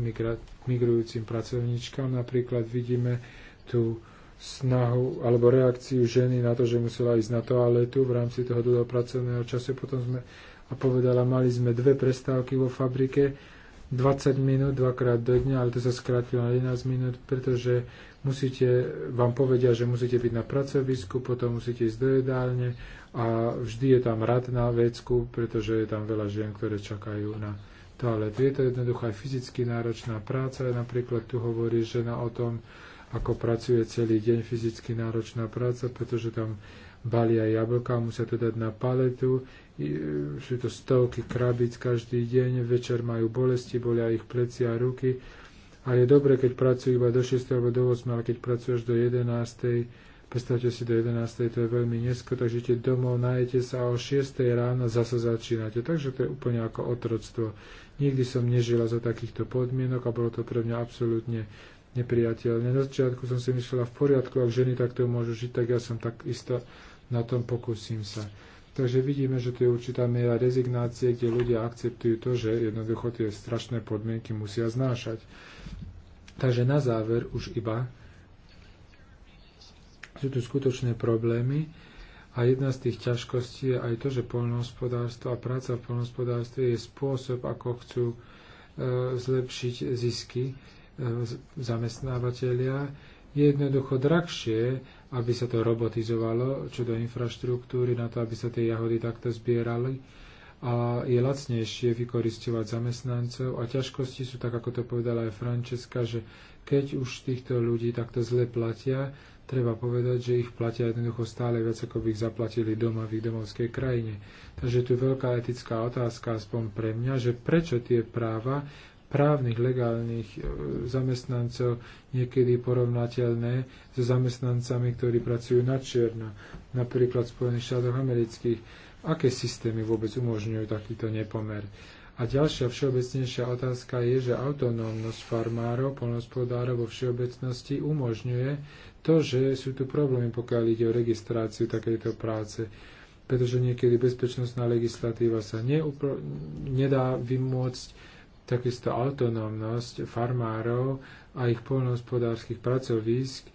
S3: migrujúcim pracovníčkam. Napríklad vidíme tú snahu alebo reakciu ženy na to, že musela ísť na toaletu v rámci toho pracovného času. Potom sme a povedala, mali sme dve prestávky vo fabrike, 20 minút dvakrát do dňa, ale to sa skrátilo na 11 minút, pretože musíte, vám povedia, že musíte byť na pracovisku, potom musíte ísť do jedálne a vždy je tam rad na vecku, pretože je tam veľa žien, ktoré čakajú na toaletu. Je to jednoducho aj fyzicky náročná práca. Napríklad tu hovorí žena o tom, ako pracuje celý deň fyzicky náročná práca, pretože tam balia jablka, musia to dať na paletu, E, sú to stovky krabíc každý deň, večer majú bolesti, bolia ich plecia a ruky. A je dobre, keď pracujú iba do 6. alebo do 8. ale keď pracuješ do 11. Predstavte si do 11. to je veľmi nesko, takže idete domov, najete sa a o 6. ráno zase začínate. Takže to je úplne ako otroctvo. Nikdy som nežila za takýchto podmienok a bolo to pre mňa absolútne nepriateľné. Na začiatku som si myslela v poriadku, ak ženy takto môžu žiť, tak ja som tak isto na tom pokúsim sa. Takže vidíme, že tu je určitá miera rezignácie, kde ľudia akceptujú to, že jednoducho tie strašné podmienky musia znášať. Takže na záver už iba sú tu skutočné problémy a jedna z tých ťažkostí je aj to, že poľnohospodárstvo a práca v poľnohospodárstve je spôsob, ako chcú e, zlepšiť zisky e, zamestnávateľia. Je jednoducho drahšie aby sa to robotizovalo, čo do infraštruktúry, na to, aby sa tie jahody takto zbierali. A je lacnejšie vykoristovať zamestnancov. A ťažkosti sú, tak ako to povedala aj Frančeska, že keď už týchto ľudí takto zle platia, treba povedať, že ich platia jednoducho stále viac, ako by ich zaplatili doma v ich domovskej krajine. Takže tu je veľká etická otázka, aspoň pre mňa, že prečo tie práva právnych legálnych e, zamestnancov niekedy porovnateľné so zamestnancami, ktorí pracujú na čierno, napríklad v Spojených štátoch amerických. Aké systémy vôbec umožňujú takýto nepomer? A ďalšia všeobecnejšia otázka je, že autonómnosť farmárov, polnospodárov vo všeobecnosti umožňuje to, že sú tu problémy, pokiaľ ide o registráciu takejto práce pretože niekedy bezpečnostná legislatíva sa nedá vymôcť Takisto autonómnosť farmárov a ich poľnohospodárskych pracovísk e,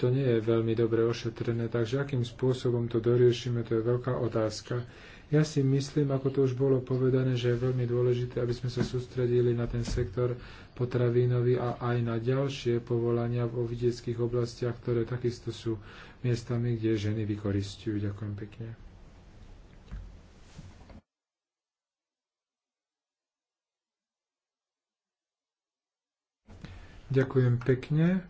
S3: to nie je veľmi dobre ošetrené, takže akým spôsobom to doriešime, to je veľká otázka. Ja si myslím, ako to už bolo povedané, že je veľmi dôležité, aby sme sa sústredili na ten sektor potravinový a aj na ďalšie povolania vo vidieckých oblastiach, ktoré takisto sú miestami, kde ženy vykoristujú. Ďakujem pekne. Ďakujem pekne.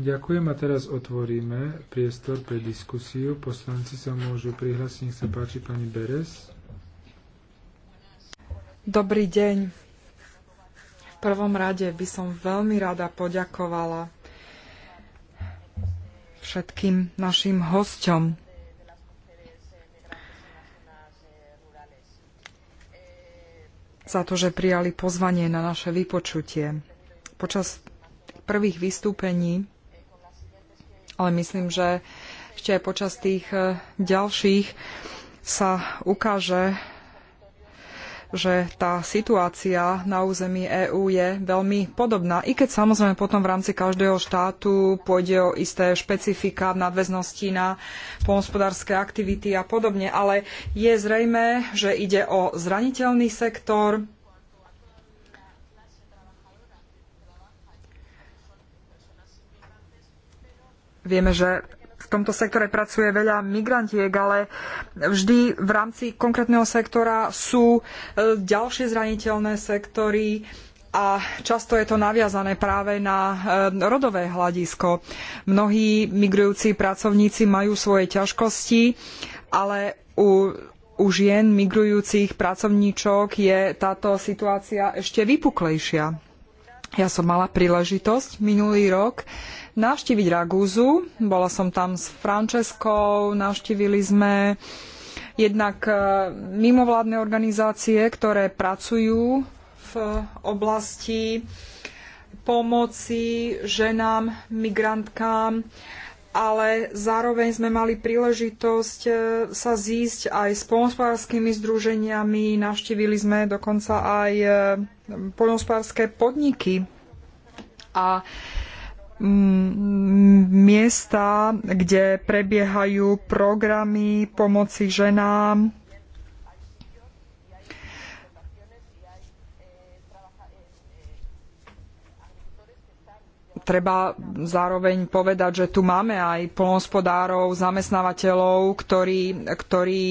S3: Ďakujem a teraz otvoríme priestor pre diskusiu. Poslanci sa môžu prihlásiť. Nech sa páči pani Beres.
S2: Dobrý deň. V prvom rade by som veľmi rada poďakovala všetkým našim hosťom. za to, že prijali pozvanie na naše vypočutie. Počas prvých vystúpení, ale myslím, že ešte aj počas tých e, ďalších sa ukáže, že tá situácia na území EÚ je veľmi podobná, i keď samozrejme potom v rámci každého štátu pôjde o isté špecifika v nadväznosti na polnospodárske aktivity a podobne, ale je zrejme, že ide o zraniteľný sektor, Vieme, že v tomto sektore pracuje veľa migrantiek, ale vždy v rámci konkrétneho sektora sú e, ďalšie zraniteľné sektory a často je to naviazané práve na e, rodové hľadisko. Mnohí migrujúci pracovníci majú svoje ťažkosti, ale u, u žien migrujúcich pracovníčok je táto situácia ešte vypuklejšia. Ja som mala príležitosť minulý rok navštíviť Ragúzu. Bola som tam s Frančeskou, navštívili sme jednak e, mimovládne organizácie, ktoré pracujú v oblasti pomoci ženám, migrantkám ale zároveň sme mali príležitosť e, sa zísť aj s poľnospodárskymi združeniami, navštívili sme dokonca aj e, poľnospodárske podniky a mm, miesta, kde prebiehajú programy pomoci ženám treba zároveň povedať, že tu máme aj polnospodárov, zamestnávateľov, ktorí, ktorí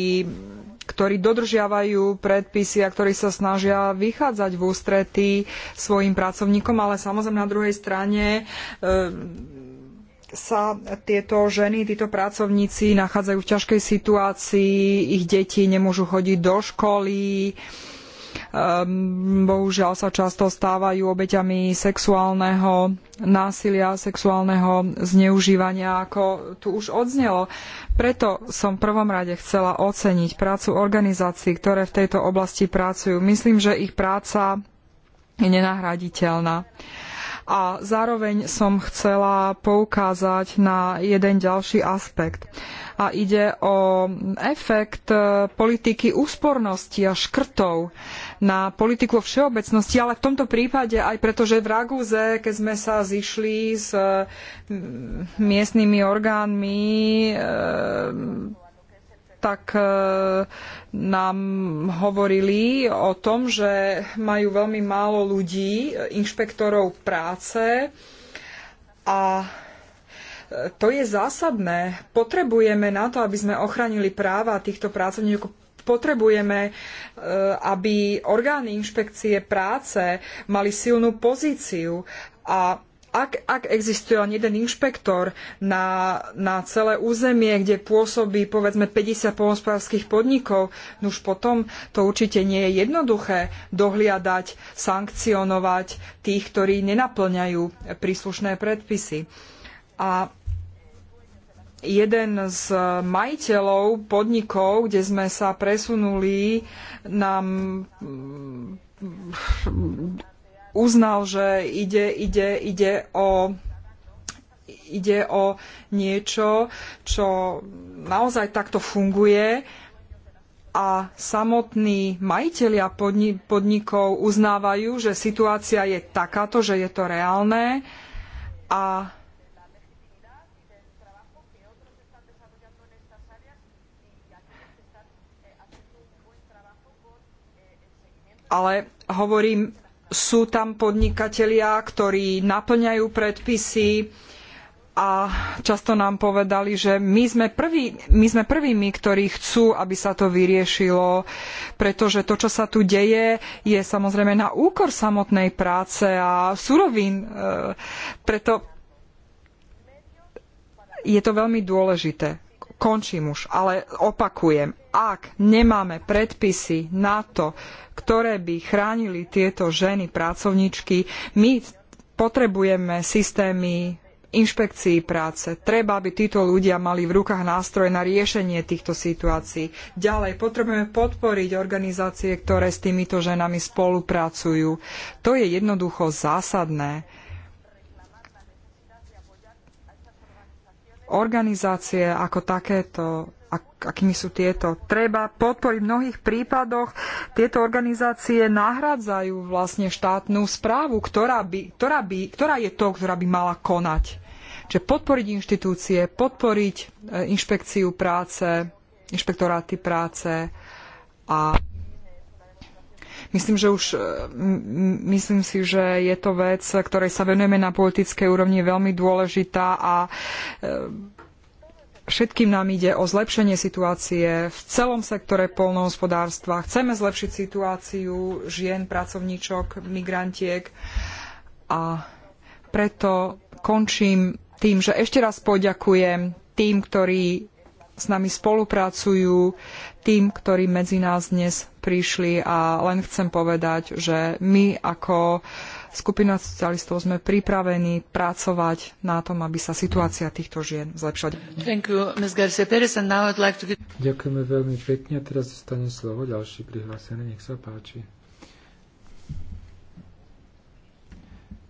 S2: ktorí dodržiavajú predpisy a ktorí sa snažia vychádzať v ústrety svojim pracovníkom, ale samozrejme na druhej strane e, sa tieto ženy, títo pracovníci nachádzajú v ťažkej situácii, ich deti nemôžu chodiť do školy, e, Ehm, bohužiaľ sa často stávajú obeťami sexuálneho násilia, sexuálneho zneužívania, ako tu už odznelo. Preto som v prvom rade chcela oceniť prácu organizácií, ktoré v tejto oblasti pracujú. Myslím, že ich práca je nenahraditeľná. A zároveň som chcela poukázať na jeden ďalší aspekt. Uh, a ide o efekt e, politiky úspornosti a škrtov na politiku všeobecnosti, ale v tomto prípade aj preto, že v Raguze, keď sme sa zišli s e, miestnymi orgánmi, e, tak nám hovorili o tom, že majú veľmi málo ľudí, inšpektorov práce a to je zásadné. Potrebujeme na to, aby sme ochránili práva týchto pracovníkov, potrebujeme, e, aby orgány inšpekcie práce mali silnú pozíciu a ak, ak existuje len jeden inšpektor na, na celé územie, kde pôsobí povedzme 50 polnospodárských podnikov, no už potom to určite nie je jednoduché dohliadať, sankcionovať tých, ktorí nenaplňajú príslušné predpisy. A jeden z majiteľov podnikov, kde sme sa presunuli, nám mm, uznal, že ide, ide, ide o ide o niečo, čo naozaj takto funguje a samotní majitelia podni- podnikov uznávajú, že situácia je takáto, že je to reálne a ale hovorím, sú tam podnikatelia, ktorí naplňajú predpisy a často nám povedali, že my sme, prví, my sme prvými, ktorí chcú, aby sa to vyriešilo, pretože to, čo sa tu deje, je samozrejme na úkor samotnej práce a surovín. E, preto je to veľmi dôležité končím už, ale opakujem, ak nemáme predpisy na to, ktoré by chránili tieto ženy pracovníčky, my potrebujeme systémy inšpekcií práce. Treba, aby títo ľudia mali v rukách nástroje na riešenie týchto situácií. Ďalej, potrebujeme podporiť organizácie, ktoré s týmito ženami spolupracujú. To je jednoducho zásadné organizácie ako takéto, akými sú tieto. Treba podporiť v mnohých prípadoch. Tieto organizácie nahradzajú vlastne štátnu správu, ktorá, by, ktorá, by, ktorá je to, ktorá by mala konať. Čiže podporiť inštitúcie, podporiť e, inšpekciu práce, inšpektoráty práce a Myslím, že už, myslím si, že je to vec, ktorej sa venujeme na politickej úrovni veľmi dôležitá a e, Všetkým nám ide o zlepšenie situácie v celom sektore poľnohospodárstva. Chceme zlepšiť situáciu žien, pracovníčok, migrantiek a preto končím tým, že ešte raz poďakujem tým, ktorí s nami spolupracujú, tým, ktorí medzi nás dnes prišli a len chcem povedať, že my ako skupina socialistov sme pripravení pracovať na tom, aby sa situácia týchto žien zlepšila.
S3: Ďakujeme veľmi pekne. Teraz dostane slovo ďalší prihlásený. Nech sa páči.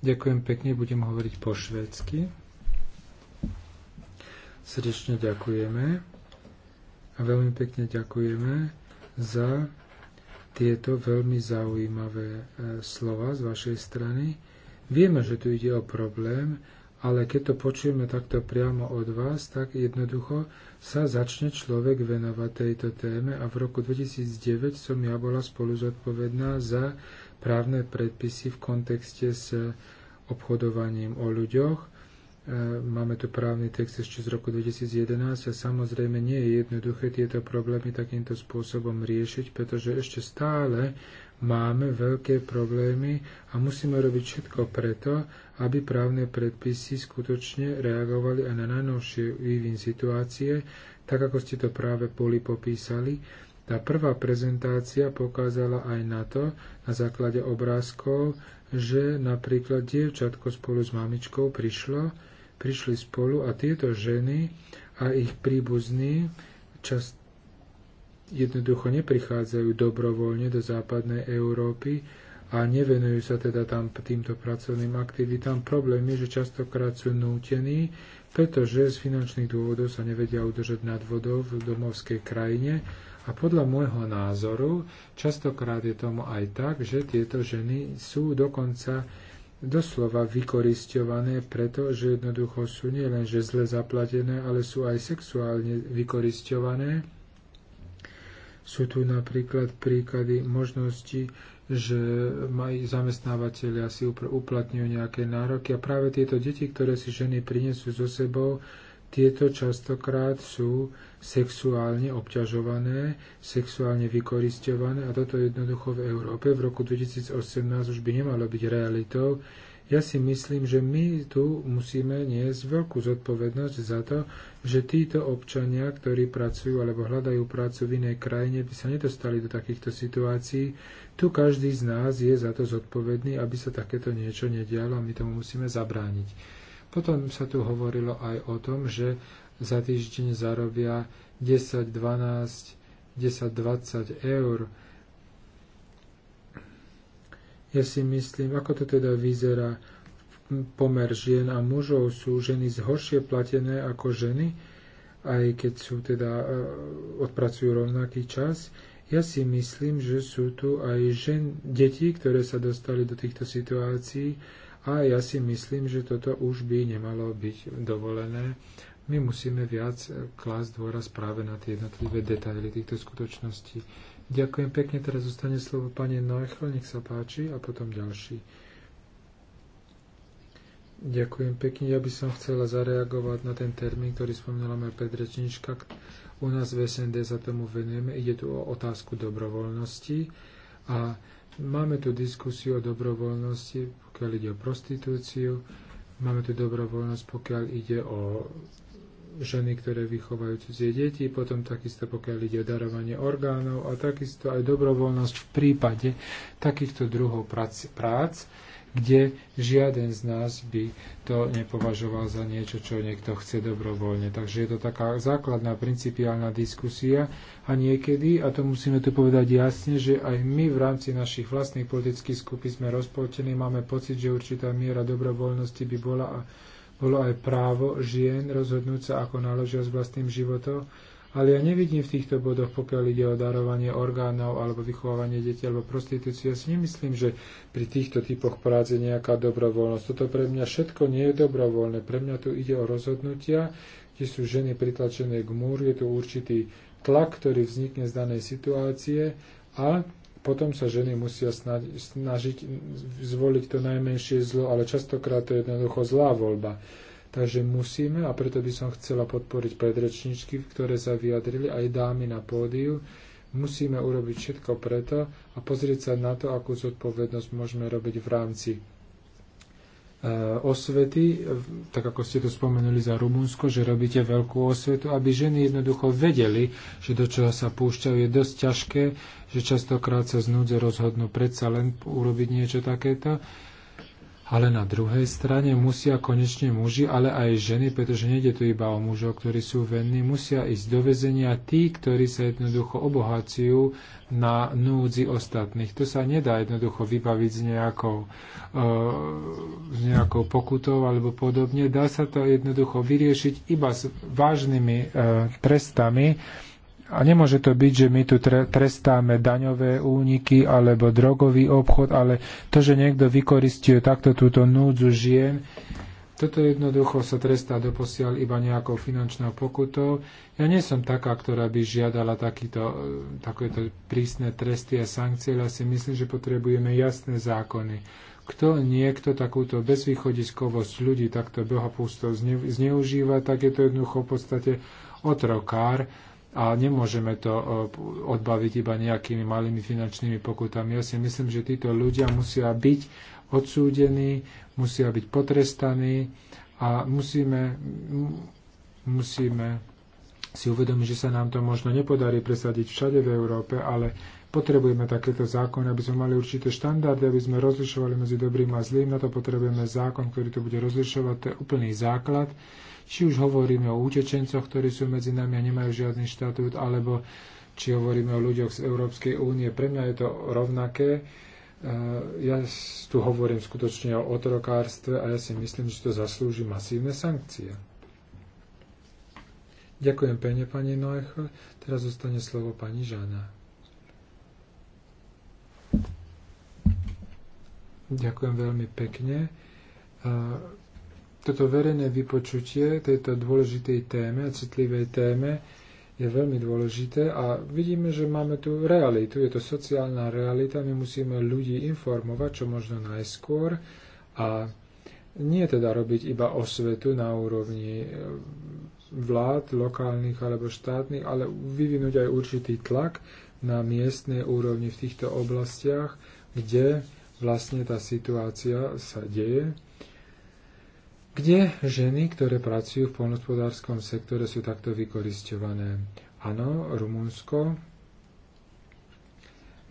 S3: Ďakujem pekne, budem hovoriť po švédsky. Srdečne ďakujeme a veľmi pekne ďakujeme za tieto veľmi zaujímavé e, slova z vašej strany. Vieme, že tu ide o problém, ale keď to počujeme takto priamo od vás, tak jednoducho sa začne človek venovať tejto téme a v roku 2009 som ja bola spolu zodpovedná za právne predpisy v kontexte s obchodovaním o ľuďoch E, máme tu právny text ešte z roku 2011 a samozrejme nie je jednoduché tieto problémy takýmto spôsobom riešiť, pretože ešte stále máme veľké problémy a musíme robiť všetko preto, aby právne predpisy skutočne reagovali aj na najnovšie vývin situácie, tak ako ste to práve boli popísali. Tá prvá prezentácia pokázala aj na to, na základe obrázkov, že napríklad dievčatko spolu s mamičkou prišlo prišli spolu a tieto ženy a ich príbuzní čas jednoducho neprichádzajú dobrovoľne do západnej Európy a nevenujú sa teda tam týmto pracovným aktivitám. Problém je, že častokrát sú nútení, pretože z finančných dôvodov sa nevedia udržať nad vodou v domovskej krajine a podľa môjho názoru častokrát je tomu aj tak, že tieto ženy sú dokonca doslova vykoristované, pretože jednoducho sú nielenže zle zaplatené, ale sú aj sexuálne vykoristované. Sú tu napríklad príklady možnosti, že mají zamestnávateľia si uplatňujú nejaké nároky a práve tieto deti, ktoré si ženy prinesú so sebou, tieto častokrát sú sexuálne obťažované, sexuálne vykoristované a toto jednoducho v Európe v roku 2018 už by nemalo byť realitou. Ja si myslím, že my tu musíme niesť veľkú zodpovednosť za to, že títo občania, ktorí pracujú alebo hľadajú prácu v inej krajine, by sa nedostali do takýchto situácií. Tu každý z nás je za to zodpovedný, aby sa takéto niečo nedialo a my tomu musíme zabrániť. Potom sa tu hovorilo aj o tom, že za týždeň zarobia 10, 12, 10, 20 eur. Ja si myslím, ako to teda vyzerá pomer žien a mužov. Sú ženy zhoršie platené ako ženy, aj keď sú teda, e, odpracujú rovnaký čas. Ja si myslím, že sú tu aj žen, deti, ktoré sa dostali do týchto situácií, a ja si myslím, že toto už by nemalo byť dovolené. My musíme viac eh, klásť dôraz práve na tie jednotlivé detaily týchto skutočností. Ďakujem pekne, teraz zostane slovo pani Noechl, nech sa páči, a potom ďalší. Ďakujem pekne. Ja by som chcela zareagovať na ten termín, ktorý spomínala moja predrečnička. U nás v SND sa tomu venujeme. Ide tu o otázku dobrovoľnosti a Máme tu diskusiu o dobrovoľnosti, pokiaľ ide o prostitúciu. Máme tu dobrovoľnosť, pokiaľ ide o ženy, ktoré vychovajú cudzie deti, potom takisto pokiaľ ide o darovanie orgánov a takisto aj dobrovoľnosť v prípade takýchto druhov prác, prác kde žiaden z nás by to nepovažoval za niečo, čo niekto chce dobrovoľne. Takže je to taká základná principiálna diskusia a niekedy, a to musíme tu povedať jasne, že aj my v rámci našich vlastných politických skupín sme rozpoltení, máme pocit, že určitá miera dobrovoľnosti by bola a bolo aj právo žien rozhodnúť sa, ako naložia s vlastným životom ale ja nevidím v týchto bodoch, pokiaľ ide o darovanie orgánov alebo vychovávanie detí alebo prostitúciu. Ja si nemyslím, že pri týchto typoch práce nejaká dobrovoľnosť. Toto pre mňa všetko nie je dobrovoľné. Pre mňa tu ide o rozhodnutia, kde sú ženy pritlačené k múru. Je tu určitý tlak, ktorý vznikne z danej situácie a potom sa ženy musia snažiť zvoliť to najmenšie zlo, ale častokrát to je jednoducho zlá voľba. Takže musíme, a preto by som chcela podporiť predrečničky, ktoré sa vyjadrili, aj dámy na pódiu, musíme urobiť všetko preto a pozrieť sa na to, akú zodpovednosť môžeme robiť v rámci e, osvety, tak ako ste to spomenuli za Rumunsko, že robíte veľkú osvetu, aby ženy jednoducho vedeli, že do čoho sa púšťajú je dosť ťažké, že častokrát sa znúdze rozhodnú predsa len urobiť niečo takéto ale na druhej strane musia konečne muži, ale aj ženy, pretože nejde tu iba o mužov, ktorí sú venní, musia ísť do vezenia tí, ktorí sa jednoducho obohacujú na núdzi ostatných. To sa nedá jednoducho vybaviť s nejakou, e, s nejakou pokutou alebo podobne. Dá sa to jednoducho vyriešiť iba s vážnymi e, trestami, a nemôže to byť, že my tu trestáme daňové úniky alebo drogový obchod, ale to, že niekto vykoristuje takto túto núdzu žien, toto jednoducho sa trestá doposiaľ iba nejakou finančnou pokutou. Ja nie som taká, ktorá by žiadala takýto, e, takéto prísne tresty a sankcie, ale si myslím, že potrebujeme jasné zákony. Kto niekto takúto bezvýchodiskovosť ľudí takto behopústo zneužíva, tak je to jednoducho v podstate otrokár, a nemôžeme to e, odbaviť iba nejakými malými finančnými pokutami. Ja si myslím, že títo ľudia musia byť odsúdení, musia byť potrestaní a musíme, musíme si uvedomiť, že sa nám to možno nepodarí presadiť všade v Európe, ale Potrebujeme takéto zákony, aby sme mali určité štandardy, aby sme rozlišovali medzi dobrým a zlým. Na to potrebujeme zákon, ktorý to bude rozlišovať. To je úplný základ. Či už hovoríme o utečencoch, ktorí sú medzi nami a nemajú žiadny štatút, alebo či hovoríme o ľuďoch z Európskej únie. Pre mňa je to rovnaké. E, ja tu hovorím skutočne o otrokárstve a ja si myslím, že to zaslúži masívne sankcie. Ďakujem pekne, pani Noecho. Teraz zostane slovo pani Žana. Ďakujem veľmi pekne. Toto verejné vypočutie tejto dôležitej téme, citlivej téme, je veľmi dôležité a vidíme, že máme tu realitu, je to sociálna realita, my musíme ľudí informovať čo možno najskôr a nie teda robiť iba osvetu na úrovni e, vlád, lokálnych alebo štátnych, ale vyvinúť aj určitý tlak na miestnej úrovni v týchto oblastiach, kde vlastne tá situácia sa deje, kde ženy, ktoré pracujú v polnospodárskom sektore, sú takto vykoristované. Áno, Rumunsko,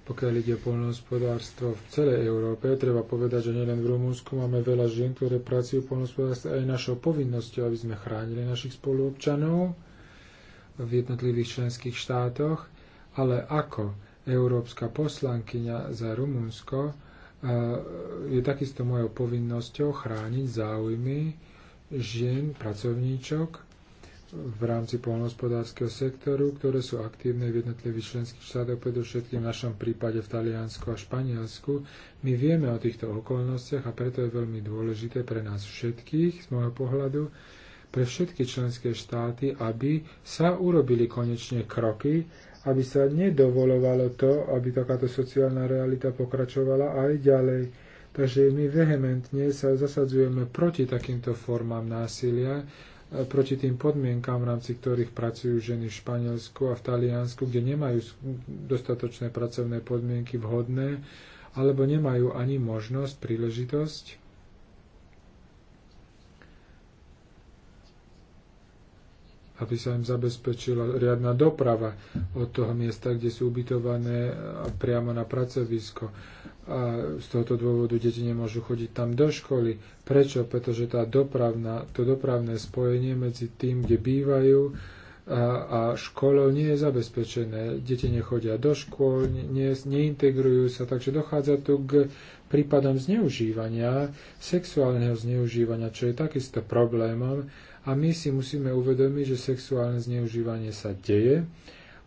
S3: pokiaľ ide o polnospodárstvo v celej Európe, treba povedať, že nielen v Rumunsku máme veľa žien, ktoré pracujú v polnospodárstve, a je našou povinnosťou, aby sme chránili našich spoluobčanov v jednotlivých členských štátoch, ale ako európska poslankyňa za Rumunsko, je takisto mojou povinnosťou chrániť záujmy žien, pracovníčok v rámci polnohospodárskeho sektoru, ktoré sú aktívne v jednotlivých členských štátoch, predovšetkým v našom prípade v Taliansku a Španielsku. My vieme o týchto okolnostiach a preto je veľmi dôležité pre nás všetkých, z môjho pohľadu, pre všetky členské štáty, aby sa urobili konečne kroky aby sa nedovolovalo to, aby takáto sociálna realita pokračovala aj ďalej. Takže my vehementne sa zasadzujeme proti takýmto formám násilia, proti tým podmienkám, v rámci ktorých pracujú ženy v Španielsku a v Taliansku, kde nemajú dostatočné pracovné podmienky vhodné, alebo nemajú ani možnosť, príležitosť aby sa im zabezpečila riadna doprava od toho miesta, kde sú ubytované priamo na pracovisko. A z tohoto dôvodu deti nemôžu chodiť tam do školy. Prečo? Pretože tá dopravná, to dopravné spojenie medzi tým, kde bývajú, a, a školou nie je zabezpečené. Deti nechodia do škôl, ne, neintegrujú sa, takže dochádza tu k prípadom zneužívania, sexuálneho zneužívania, čo je takisto problémom, a my si musíme uvedomiť, že sexuálne zneužívanie sa deje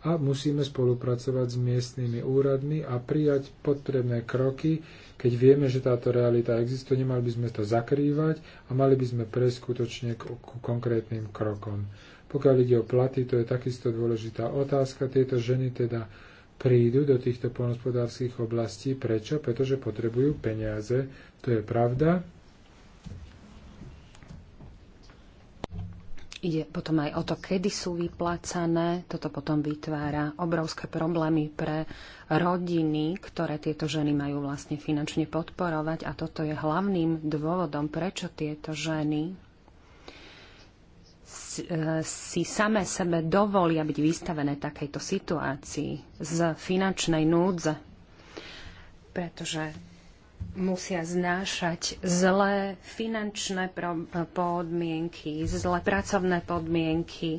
S3: a musíme spolupracovať s miestnymi úradmi a prijať potrebné kroky, keď vieme, že táto realita existuje, nemali by sme to zakrývať a mali by sme prejsť skutočne k, konkrétnym krokom. Pokiaľ ide o platy, to je takisto dôležitá otázka. Tieto ženy teda prídu do týchto polnospodárských oblastí. Prečo? Pretože potrebujú peniaze. To je pravda.
S1: Ide potom aj o to, kedy sú vyplácané. Toto potom vytvára obrovské problémy pre rodiny, ktoré tieto ženy majú vlastne finančne podporovať. A toto je hlavným dôvodom, prečo tieto ženy si e, samé sebe dovolia byť vystavené takejto situácii z finančnej núdze. Pretože musia znášať zlé finančné podmienky, zlé pracovné podmienky,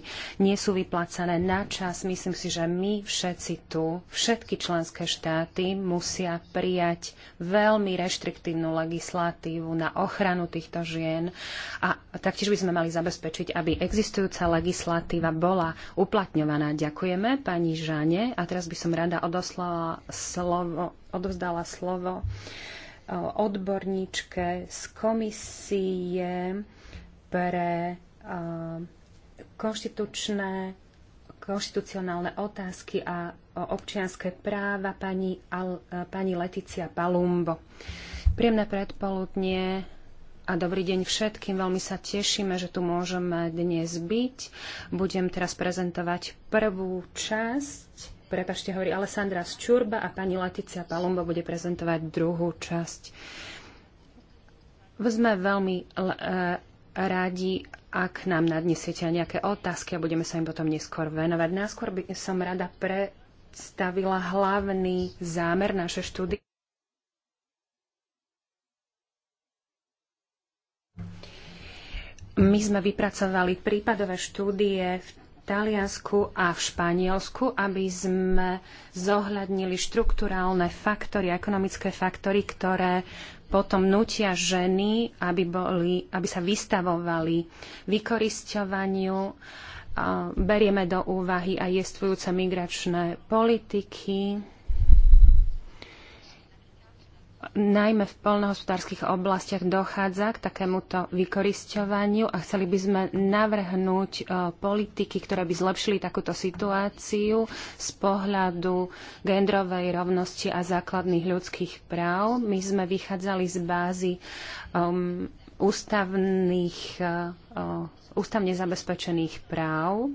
S1: nie sú vyplácané na čas. Myslím si, že my všetci tu, všetky členské štáty musia prijať veľmi reštriktívnu legislatívu na ochranu týchto žien a taktiež by sme mali zabezpečiť, aby existujúca legislatíva bola uplatňovaná. Ďakujeme pani Žane a teraz by som rada slovo, odovzdala slovo odborníčke z komisie pre konštitučné, konštitucionálne otázky a občianské práva pani, Al, pani Leticia Palumbo. Príjemné predpoludnie a dobrý deň všetkým. Veľmi sa tešíme, že tu môžeme dnes byť. Budem teraz prezentovať prvú časť prepašte, hovorí Alessandra Ščurba a pani Leticia Palumba bude prezentovať druhú časť. Sme veľmi e, rádi, ak nám nadnesiete nejaké otázky a budeme sa im potom neskôr venovať. Náskôr by som rada predstavila hlavný zámer naše štúdie. My sme vypracovali prípadové štúdie v Taliansku a v Španielsku, aby sme zohľadnili štruktúrálne faktory, ekonomické faktory, ktoré potom nutia ženy, aby, boli, aby sa vystavovali vykorisťovaniu. Berieme do úvahy aj jestvujúce migračné politiky, najmä v poľnohospodárskych oblastiach dochádza k takémuto vykorisťovaniu a chceli by sme navrhnúť e, politiky, ktoré by zlepšili takúto situáciu z pohľadu gendrovej rovnosti a základných ľudských práv. My sme vychádzali z bázy um, ústavných, uh, ústavne zabezpečených práv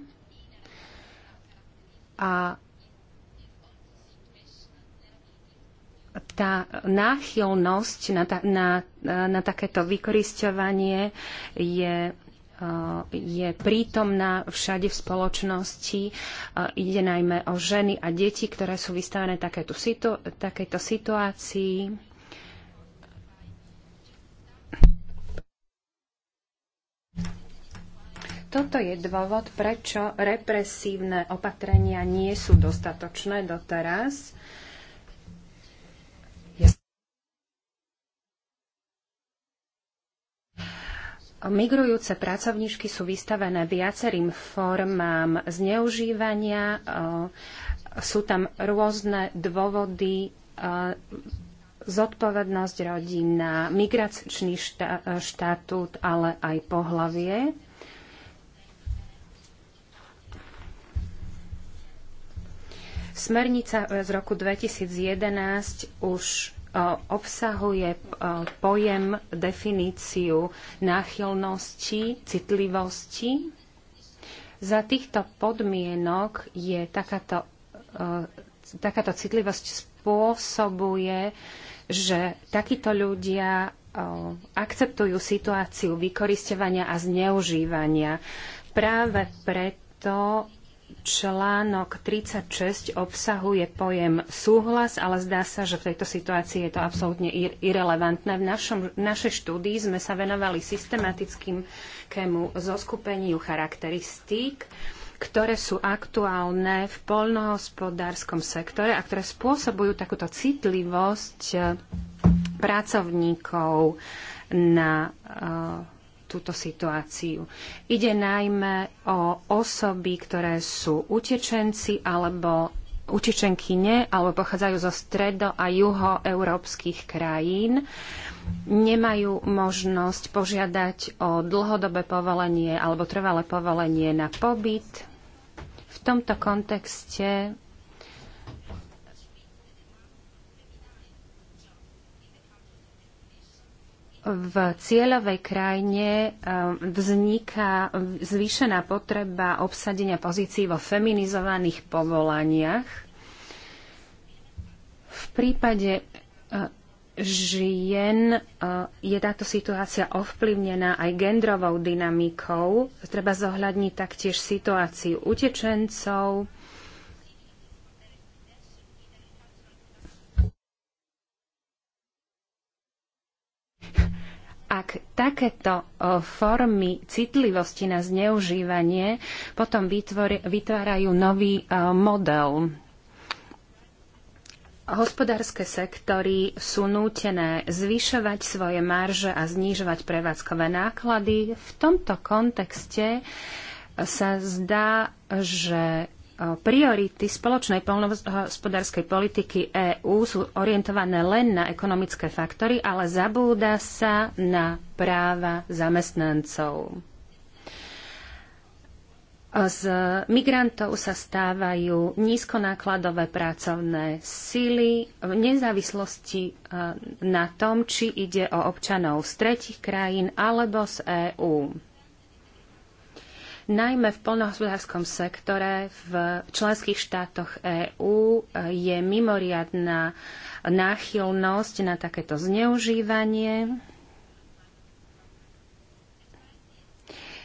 S1: a tá náchylnosť na, ta, na, e, na takéto vykorisťovanie je e, je prítomná všade v spoločnosti. E, ide najmä o ženy a deti, ktoré sú vystavené takéto situ- takejto situácii. Toto je dôvod, prečo represívne opatrenia nie sú dostatočné doteraz Migrujúce pracovníčky sú vystavené viacerým formám zneužívania, e, sú tam rôzne dôvody, e, zodpovednosť rodina, migračný e, štatút, ale aj pohlavie. Smernica z roku 2011 už E, obsahuje e, pojem, definíciu náchylnosti, citlivosti. Za týchto podmienok je takáto, e, takáto citlivosť spôsobuje, že takíto ľudia akceptujú situáciu vykoristovania a zneužívania. Práve preto Článok 36 obsahuje pojem súhlas, ale zdá sa, že v tejto situácii je to absolútne irrelevantné. V našom, našej štúdii sme sa venovali systematickému zoskupeniu charakteristík, ktoré sú aktuálne v poľnohospodárskom sektore a ktoré spôsobujú takúto citlivosť eh, pracovníkov na eh, túto situáciu. Ide najmä o osoby, ktoré sú utečenci alebo utečenkyne alebo pochádzajú zo stredo- a juhoeurópskych krajín, nemajú možnosť požiadať o dlhodobé povolenie alebo trvalé povolenie na pobyt. V tomto kontexte v cieľovej krajine eh, vzniká zvýšená potreba obsadenia pozícií vo feminizovaných povolaniach. V prípade eh, žien eh, je táto situácia ovplyvnená aj gendrovou dynamikou. Treba zohľadniť taktiež situáciu utečencov, ak takéto formy citlivosti na zneužívanie potom vytvárajú nový model. Hospodárske sektory sú nútené zvyšovať svoje marže a znižovať prevádzkové náklady. V tomto kontexte sa zdá, že Priority spoločnej poľnohospodárskej politiky EÚ sú orientované len na ekonomické faktory, ale zabúda sa na práva zamestnancov. Z migrantov sa stávajú nízkonákladové pracovné síly v nezávislosti e, na tom, či ide o občanov z tretich krajín alebo z EÚ. Najmä v polnohospodárskom sektore v členských štátoch EÚ e, je mimoriadná náchylnosť na takéto zneužívanie.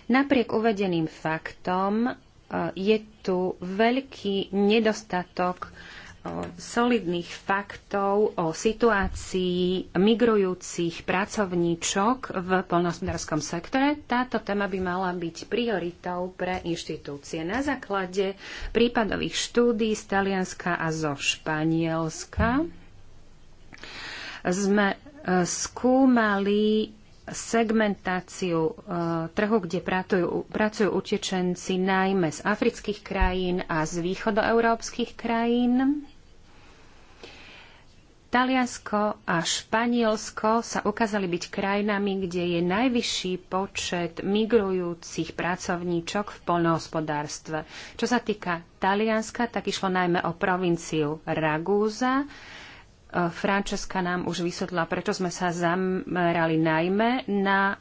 S1: Napriek uvedeným faktom e, je tu veľký nedostatok solidných faktov o situácii migrujúcich pracovníčok v poľnohospodárskom sektore. Táto téma by mala byť prioritou pre inštitúcie. Na základe prípadových štúdí z Talianska a zo Španielska sme e, skúmali segmentáciu e, trhu, kde pracujú, pracujú utečenci najmä z afrických krajín a z východoeurópskych krajín. Taliansko a Španielsko sa ukázali byť krajinami, kde je najvyšší počet migrujúcich pracovníčok v poľnohospodárstve. Čo sa týka Talianska, tak išlo najmä o provinciu Ragúza. E, Francesca nám už vysvetlila, prečo sme sa zamerali najmä na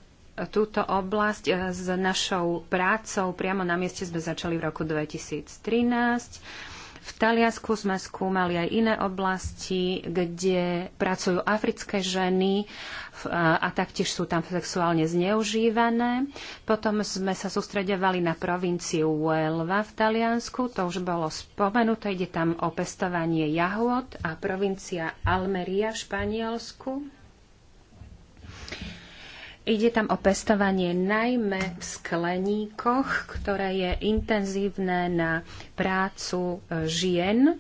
S1: túto oblasť e, s našou prácou. Priamo na mieste sme začali v roku 2013 v Taliansku sme skúmali aj iné oblasti, kde pracujú africké ženy a, taktiež sú tam sexuálne zneužívané. Potom sme sa sústredovali na provinciu Uelva v Taliansku, to už bolo spomenuté, ide tam o pestovanie jahôd a provincia Almeria v Španielsku. Ide tam o pestovanie najmä v skleníkoch, ktoré je intenzívne na prácu e, žien.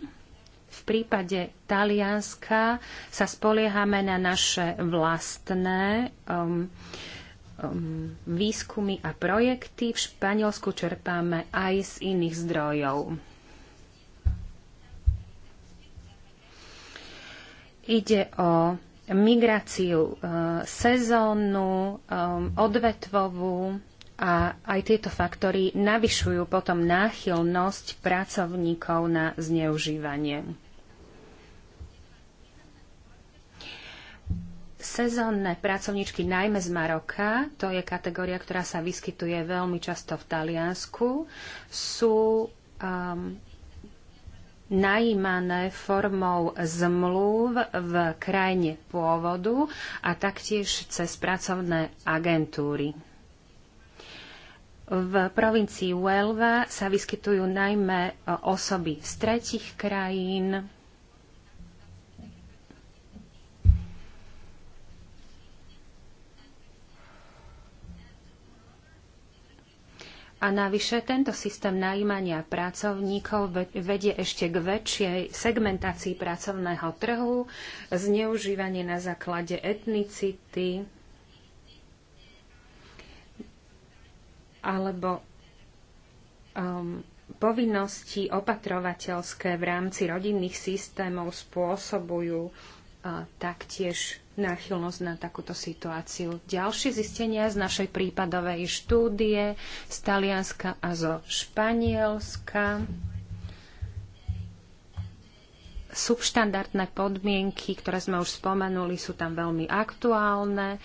S1: V prípade Talianska sa spoliehame na naše vlastné um, um, výskumy a projekty. V Španielsku čerpáme aj z iných zdrojov. Ide o migráciu e, sezónnu, e, odvetvovú a aj tieto faktory navyšujú potom náchylnosť pracovníkov na zneužívanie. Sezónne pracovničky najmä z Maroka, to je kategória, ktorá sa vyskytuje veľmi často v Taliansku, sú um, najímané formou zmluv v krajine pôvodu a taktiež cez pracovné agentúry. V provincii Huelva sa vyskytujú najmä osoby z tretich krajín, A navyše tento systém najímania pracovníkov vedie ešte k väčšej segmentácii pracovného trhu, zneužívanie na základe etnicity alebo um, povinnosti opatrovateľské v rámci rodinných systémov spôsobujú uh, taktiež náchylnosť na takúto situáciu. Ďalšie zistenia z našej prípadovej štúdie z Talianska a zo Španielska. Subštandardné podmienky, ktoré sme už spomenuli, sú tam veľmi aktuálne.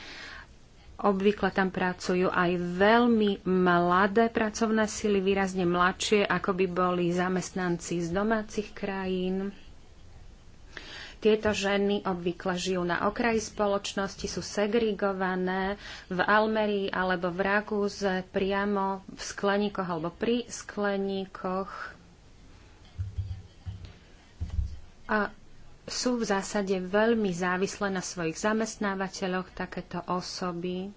S1: Obvykle tam pracujú aj veľmi mladé pracovné sily, výrazne mladšie, ako by boli zamestnanci z domácich krajín tieto ženy obvykle žijú na okraji spoločnosti, sú segregované v Almerii alebo v Raguze priamo v skleníkoch alebo pri skleníkoch. A sú v zásade veľmi závislé na svojich zamestnávateľoch takéto osoby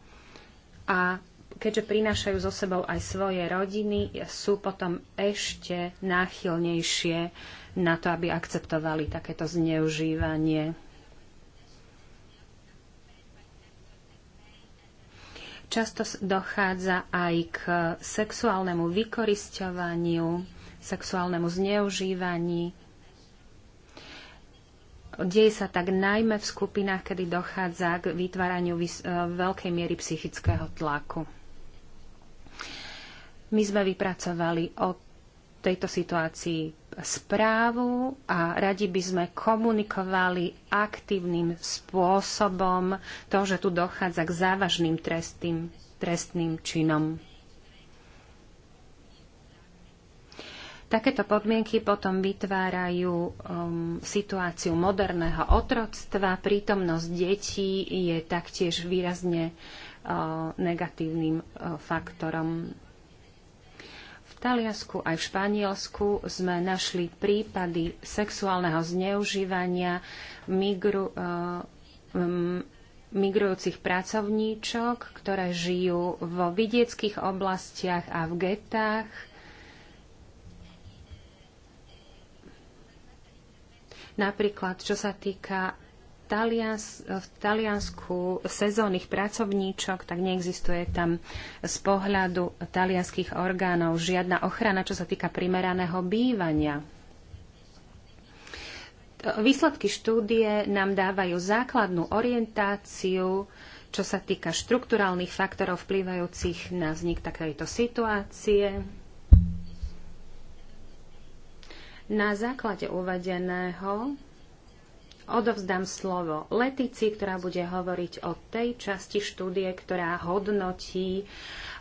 S1: a keďže prinášajú so sebou aj svoje rodiny, sú potom ešte náchylnejšie na to, aby akceptovali takéto zneužívanie. Často dochádza aj k sexuálnemu vykorisťovaniu, sexuálnemu zneužívaní. Deje sa tak najmä v skupinách, kedy dochádza k vytváraniu e, veľkej miery psychického tlaku. My sme vypracovali o tejto situácii správu a radi by sme komunikovali aktívnym spôsobom to, že tu dochádza k závažným trestným, trestným činom. Takéto podmienky potom vytvárajú um, situáciu moderného otroctva. Prítomnosť detí je taktiež výrazne uh, negatívnym uh, faktorom Taliansku aj v Španielsku sme našli prípady sexuálneho zneužívania migru, um, migrujúcich pracovníčok, ktoré žijú vo vidieckých oblastiach a v getách. Napríklad, čo sa týka Talians- v Taliansku sezónnych pracovníčok, tak neexistuje tam z pohľadu talianských orgánov žiadna ochrana, čo sa týka primeraného bývania. Výsledky štúdie nám dávajú základnú orientáciu, čo sa týka štrukturálnych faktorov vplývajúcich na vznik takejto situácie. Na základe uvedeného odovzdám slovo Letici, ktorá bude hovoriť o tej časti štúdie, ktorá hodnotí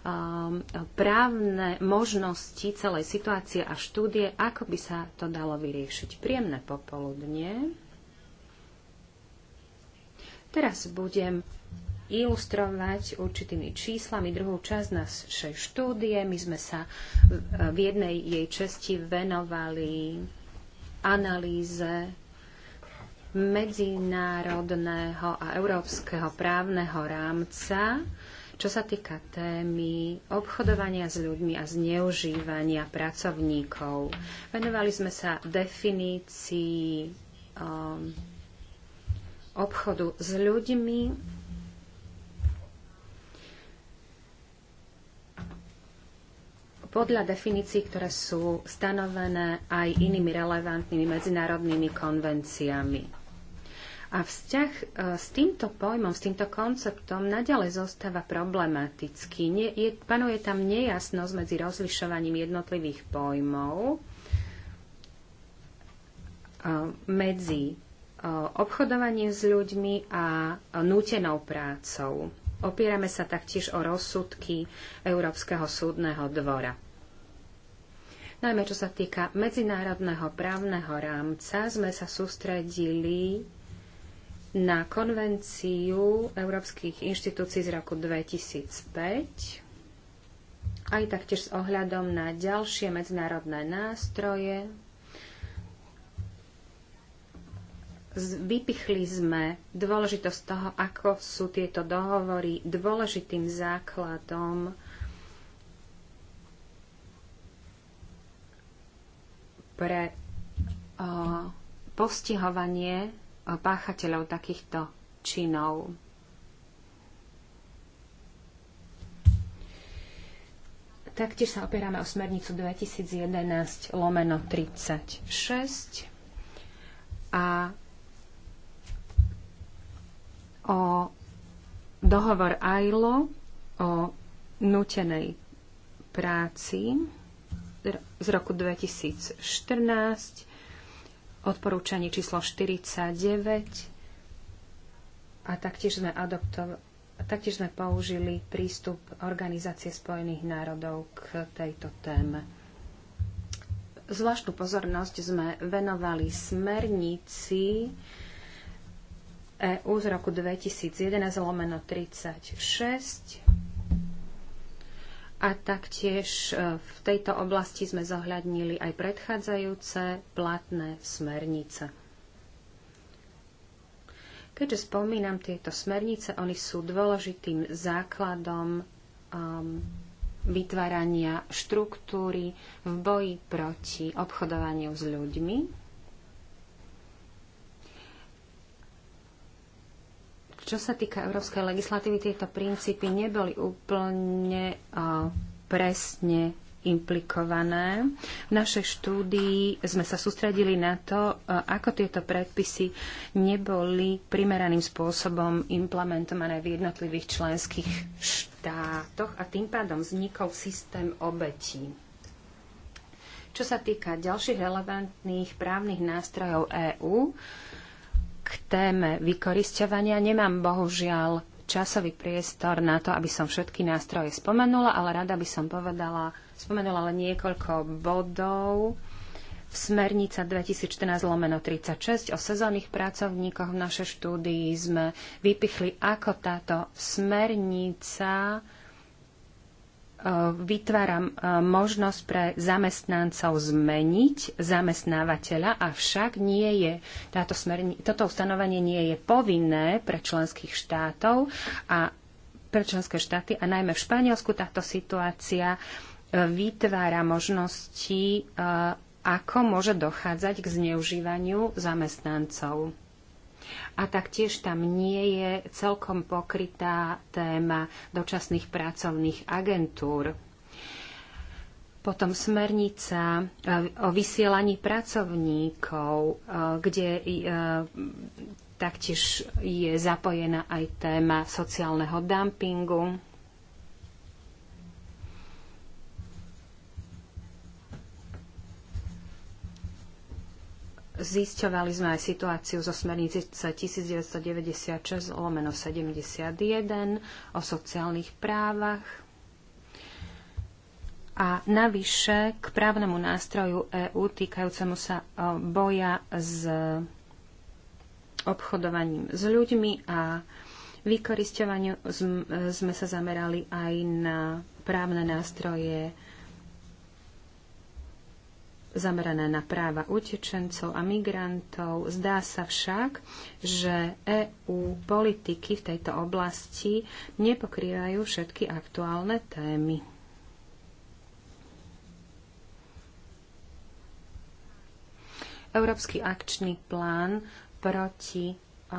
S1: um, právne možnosti celej situácie a štúdie, ako by sa to dalo vyriešiť. Príjemné popoludnie. Teraz budem ilustrovať určitými číslami druhú časť našej štúdie. My sme sa v jednej jej časti venovali analýze medzinárodného a európskeho právneho rámca, čo sa týka témy obchodovania s ľuďmi a zneužívania pracovníkov. Venovali sme sa definícii um, obchodu s ľuďmi. podľa definícií, ktoré sú stanovené aj inými relevantnými medzinárodnými konvenciami. A vzťah e, s týmto pojmom, s týmto konceptom naďalej zostáva problematický. Nie, je, panuje tam nejasnosť medzi rozlišovaním jednotlivých pojmov e, medzi e, obchodovaním s ľuďmi a nútenou prácou. Opierame sa taktiež o rozsudky Európskeho súdneho dvora. Najmä čo sa týka medzinárodného právneho rámca, sme sa sústredili na konvenciu európskych inštitúcií z roku 2005, aj taktiež s ohľadom na ďalšie medzinárodné nástroje. Vypichli sme dôležitosť toho, ako sú tieto dohovory dôležitým základom pre o, postihovanie páchateľov takýchto činov. Taktiež sa opierame o smernicu 2011 lomeno 36 a o dohovor AILO o nutenej práci z roku 2014 Odporúčanie číslo 49 a taktiež sme, adopto- taktiež sme použili prístup Organizácie spojených národov k tejto téme. Zvláštnu pozornosť sme venovali smernici EU z roku 2011 lomeno 36 a taktiež e, v tejto oblasti sme zohľadnili aj predchádzajúce platné smernice. Keďže spomínam tieto smernice, oni sú dôležitým základom um, vytvárania štruktúry v boji proti obchodovaniu s ľuďmi Čo sa týka európskej legislatívy, tieto princípy neboli úplne presne implikované. V našej štúdii sme sa sústredili na to, ako tieto predpisy neboli primeraným spôsobom implementované v jednotlivých členských štátoch a tým pádom vznikol systém obetí. Čo sa týka ďalších relevantných právnych nástrojov EÚ, k téme vykorisťovania. Nemám bohužiaľ časový priestor na to, aby som všetky nástroje spomenula, ale rada by som povedala, spomenula len niekoľko bodov. V smernica 2014 lomeno 36 o sezónnych pracovníkoch v našej štúdii sme vypichli, ako táto smernica E, vytvára e, možnosť pre zamestnancov zmeniť zamestnávateľa, avšak nie je, táto smerni- toto ustanovenie nie je povinné pre členských štátov a pre členské štáty a najmä v Španielsku táto situácia e, vytvára možnosti, ako môže dochádzať k zneužívaniu zamestnancov. A taktiež tam nie je celkom pokrytá téma dočasných pracovných agentúr. Potom smernica eh, o vysielaní pracovníkov, eh, kde eh, taktiež je zapojená aj téma sociálneho dumpingu. Zisťovali sme aj situáciu zo smernice 1996 lomeno 71 o sociálnych právach a navyše k právnemu nástroju EÚ týkajúcemu sa e, boja s obchodovaním s ľuďmi a vykoristovaniu e, sme sa zamerali aj na právne nástroje zamerané na práva utečencov a migrantov. Zdá sa však, že EÚ politiky v tejto oblasti nepokrývajú všetky aktuálne témy. Európsky akčný plán proti eh,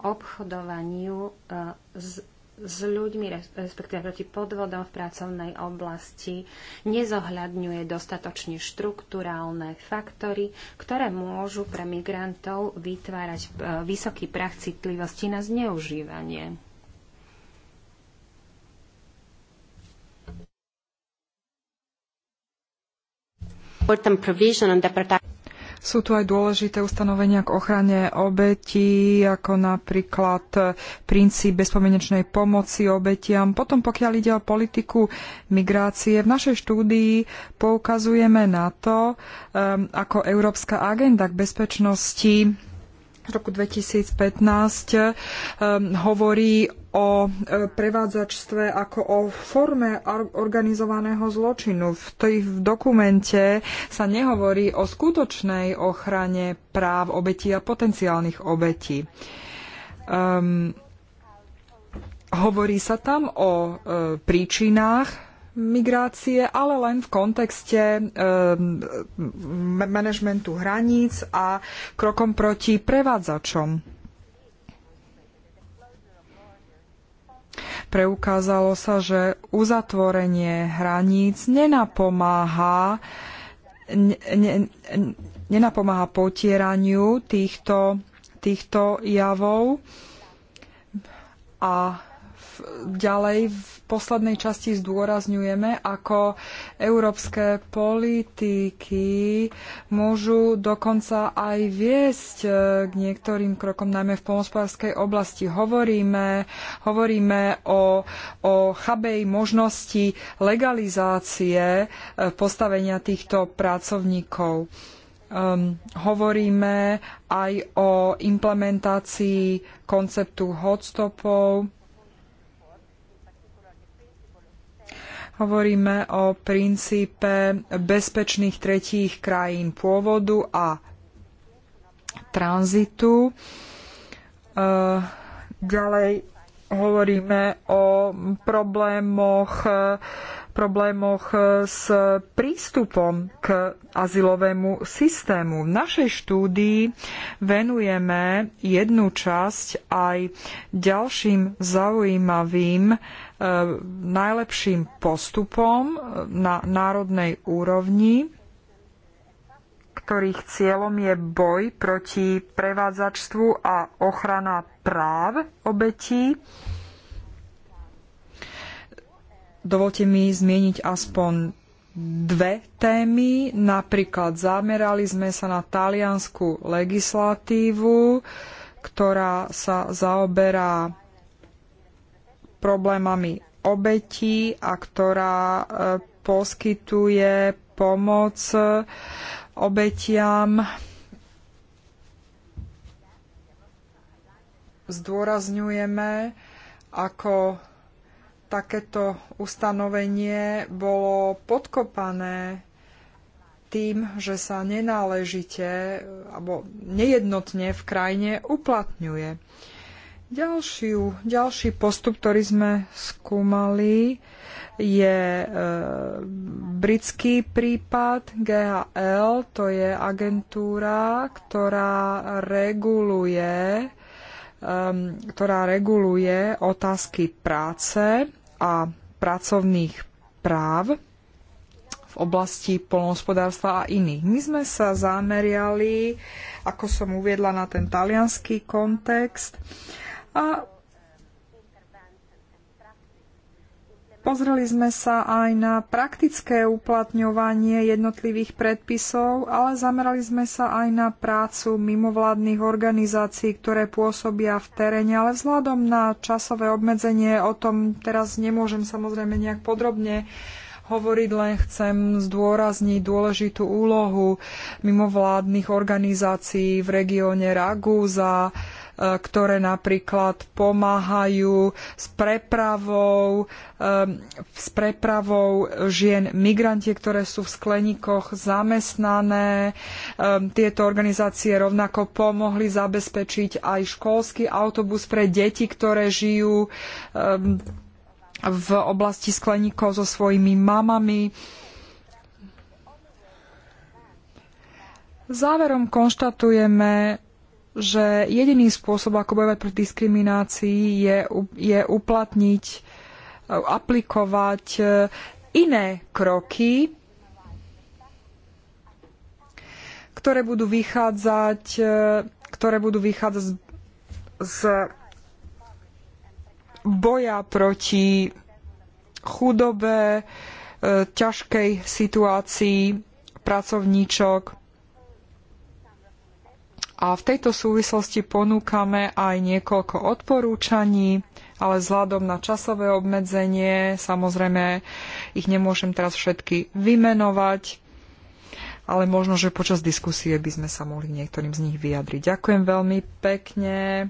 S1: obchodovaniu eh, s s ľuďmi, respektíve proti podvodom v pracovnej oblasti, nezohľadňuje dostatočne štruktúrálne faktory, ktoré môžu pre migrantov vytvárať e, vysoký prach citlivosti na zneužívanie.
S2: Important provision on the protection sú tu aj dôležité ustanovenia k ochrane obetí, ako napríklad princíp bezpomenečnej pomoci obetiam. Potom, pokiaľ ide o politiku migrácie, v našej štúdii poukazujeme na to, um, ako Európska agenda k bezpečnosti roku 2015 um, hovorí o e, prevádzačstve ako o forme organizovaného zločinu. V, tej, v dokumente sa nehovorí o skutočnej ochrane práv obetí a potenciálnych obetí. Um, hovorí sa tam o e, príčinách migrácie, ale len v kontexte e, manažmentu hraníc a krokom proti prevádzačom. Preukázalo sa, že uzatvorenie hraníc nenapomáha, ne, ne, nenapomáha potieraniu týchto, týchto javov a ďalej v poslednej časti zdôrazňujeme, ako európske politiky môžu dokonca aj viesť e, k niektorým krokom, najmä v pomospodárskej oblasti. Hovoríme, hovoríme o, o chabej možnosti legalizácie e, postavenia týchto pracovníkov. Um, hovoríme aj o implementácii konceptu hotstopov. Hovoríme o princípe bezpečných tretích krajín pôvodu a tranzitu. Eh, ďalej hovoríme o problémoch, problémoch s prístupom k azylovému systému. V našej štúdii venujeme jednu časť aj ďalším zaujímavým najlepším postupom eh, na národnej úrovni, ktorých cieľom je boj proti prevádzačstvu a ochrana práv obetí. Dovolte mi zmieniť aspoň dve témy. Napríklad zamerali sme sa na taliansku legislatívu, ktorá sa zaoberá problémami obetí a ktorá e, poskytuje pomoc e, obetiam. Zdôrazňujeme, ako takéto ustanovenie bolo podkopané tým, že sa nenáležite alebo nejednotne v krajine uplatňuje. Uh, Ďalšiu, ďalší postup, ktorý sme skúmali, je e, britský prípad GHL, to je agentúra, ktorá reguluje, e, ktorá reguluje otázky práce a pracovných práv v oblasti polnohospodárstva a iných. My sme sa zameriali, ako som uviedla, na ten talianský kontext. A Pozreli sme sa aj na praktické uplatňovanie jednotlivých predpisov, ale zamerali sme sa aj na prácu mimovládnych organizácií, ktoré pôsobia v teréne, ale vzhľadom na časové obmedzenie o tom teraz nemôžem samozrejme nejak podrobne hovoriť, len chcem zdôrazniť dôležitú úlohu mimovládnych organizácií v regióne Ragúza, Eh, ktoré napríklad pomáhajú s prepravou, s prepravou žien migrantie, ktoré sú v skleníkoch zamestnané. Tieto organizácie rovnako pomohli zabezpečiť aj školský autobus pre deti, ktoré žijú v oblasti skleníkov so svojimi mamami. Záverom konštatujeme, že jediný spôsob, ako bojovať proti diskriminácii, je, je uplatniť, eh, aplikovať eh, iné kroky, ktoré budú vychádzať, eh, ktoré budú vychádzať z, z boja proti chudobe, ťažkej situácii pracovníčok a v tejto súvislosti ponúkame aj niekoľko odporúčaní, ale vzhľadom na časové obmedzenie, samozrejme, ich nemôžem teraz všetky vymenovať, ale možno, že počas diskusie by sme sa mohli niektorým z nich vyjadriť. Ďakujem veľmi pekne.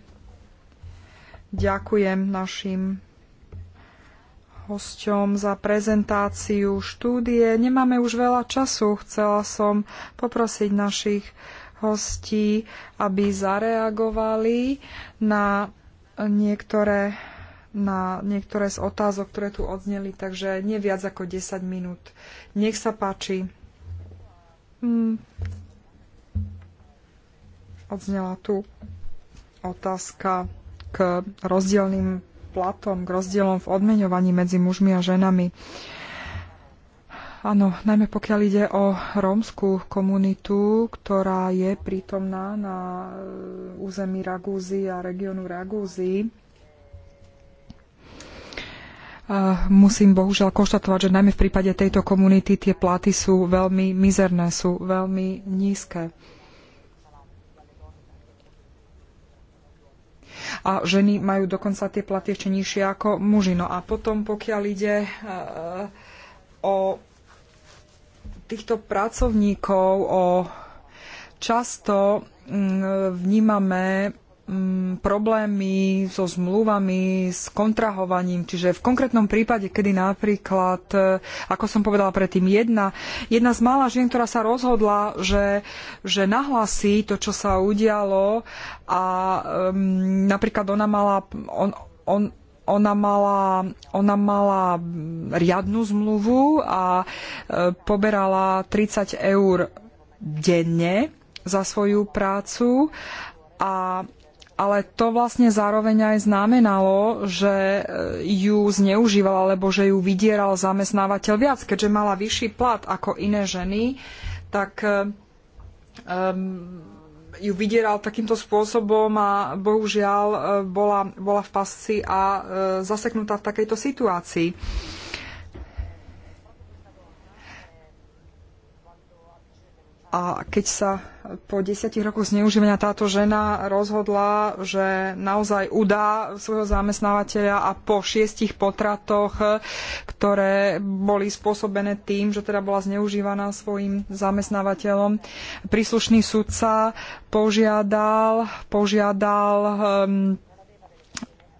S2: Ďakujem našim hosťom za prezentáciu štúdie. Nemáme už veľa času. Chcela som poprosiť našich hostí, aby zareagovali na niektoré, na niektoré z otázok, ktoré tu odzneli, takže nie viac ako 10 minút. Nech sa páči. Hmm. Odznela tu otázka k rozdielným platom, k rozdielom v odmeňovaní medzi mužmi a ženami. Uh, Áno, najmä pokiaľ ide o rómskú komunitu, ktorá je prítomná na e, území Ragúzy a regiónu Ragúzy. E, musím bohužiaľ konštatovať, že najmä v prípade tejto komunity tie platy sú veľmi mizerné, sú veľmi nízke. a ženy majú dokonca tie platy ešte nižšie ako muži. No a potom, pokiaľ ide e, o týchto pracovníkov, o často mm, vnímame mm, problémy so zmluvami, s kontrahovaním. Čiže v konkrétnom prípade, kedy napríklad, e, ako som povedala predtým, jedna, jedna z mála žien, ktorá sa rozhodla, že, že nahlasí to, čo sa udialo a um, napríklad ona mala, on, on, ona mala, ona mala riadnu zmluvu a e, poberala 30 eur denne za svoju prácu a ale to vlastne zároveň aj znamenalo, že e, ju zneužíval alebo že ju vydieral zamestnávateľ viac, keďže mala vyšší plat ako iné ženy, tak um, ju vydieral takýmto spôsobom a bohužiaľ e, bola, bola v pasci a e, zaseknutá v takejto situácii. A keď sa po desiatich rokoch zneužívania táto žena rozhodla, že naozaj udá svojho zamestnávateľa a po šiestich potratoch, ktoré boli spôsobené tým, že teda bola zneužívaná svojim zamestnávateľom, príslušný sudca požiadal, požiadal um,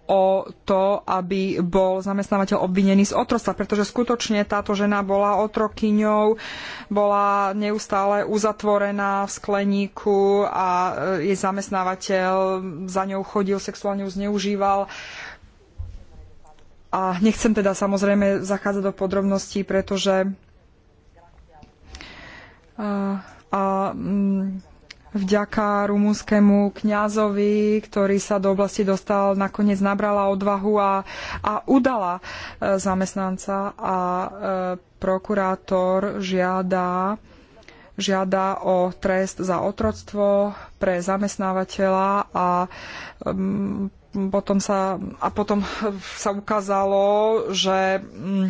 S2: o to, aby bol zamestnávateľ obvinený z otrostva, pretože skutočne táto žena bola otrokyňou, bola neustále uzatvorená v skleníku a e, jej zamestnávateľ za ňou chodil, sexuálne ju zneužíval. A nechcem teda samozrejme zachádzať do podrobností, pretože a, a, mm, vďaka rumúnskému kňazovi, ktorý sa do oblasti dostal, nakoniec nabrala odvahu a, a udala e, zamestnanca a e, prokurátor žiada žiada o trest za otroctvo pre zamestnávateľa a mm, potom sa, a potom sa ukázalo, že mm,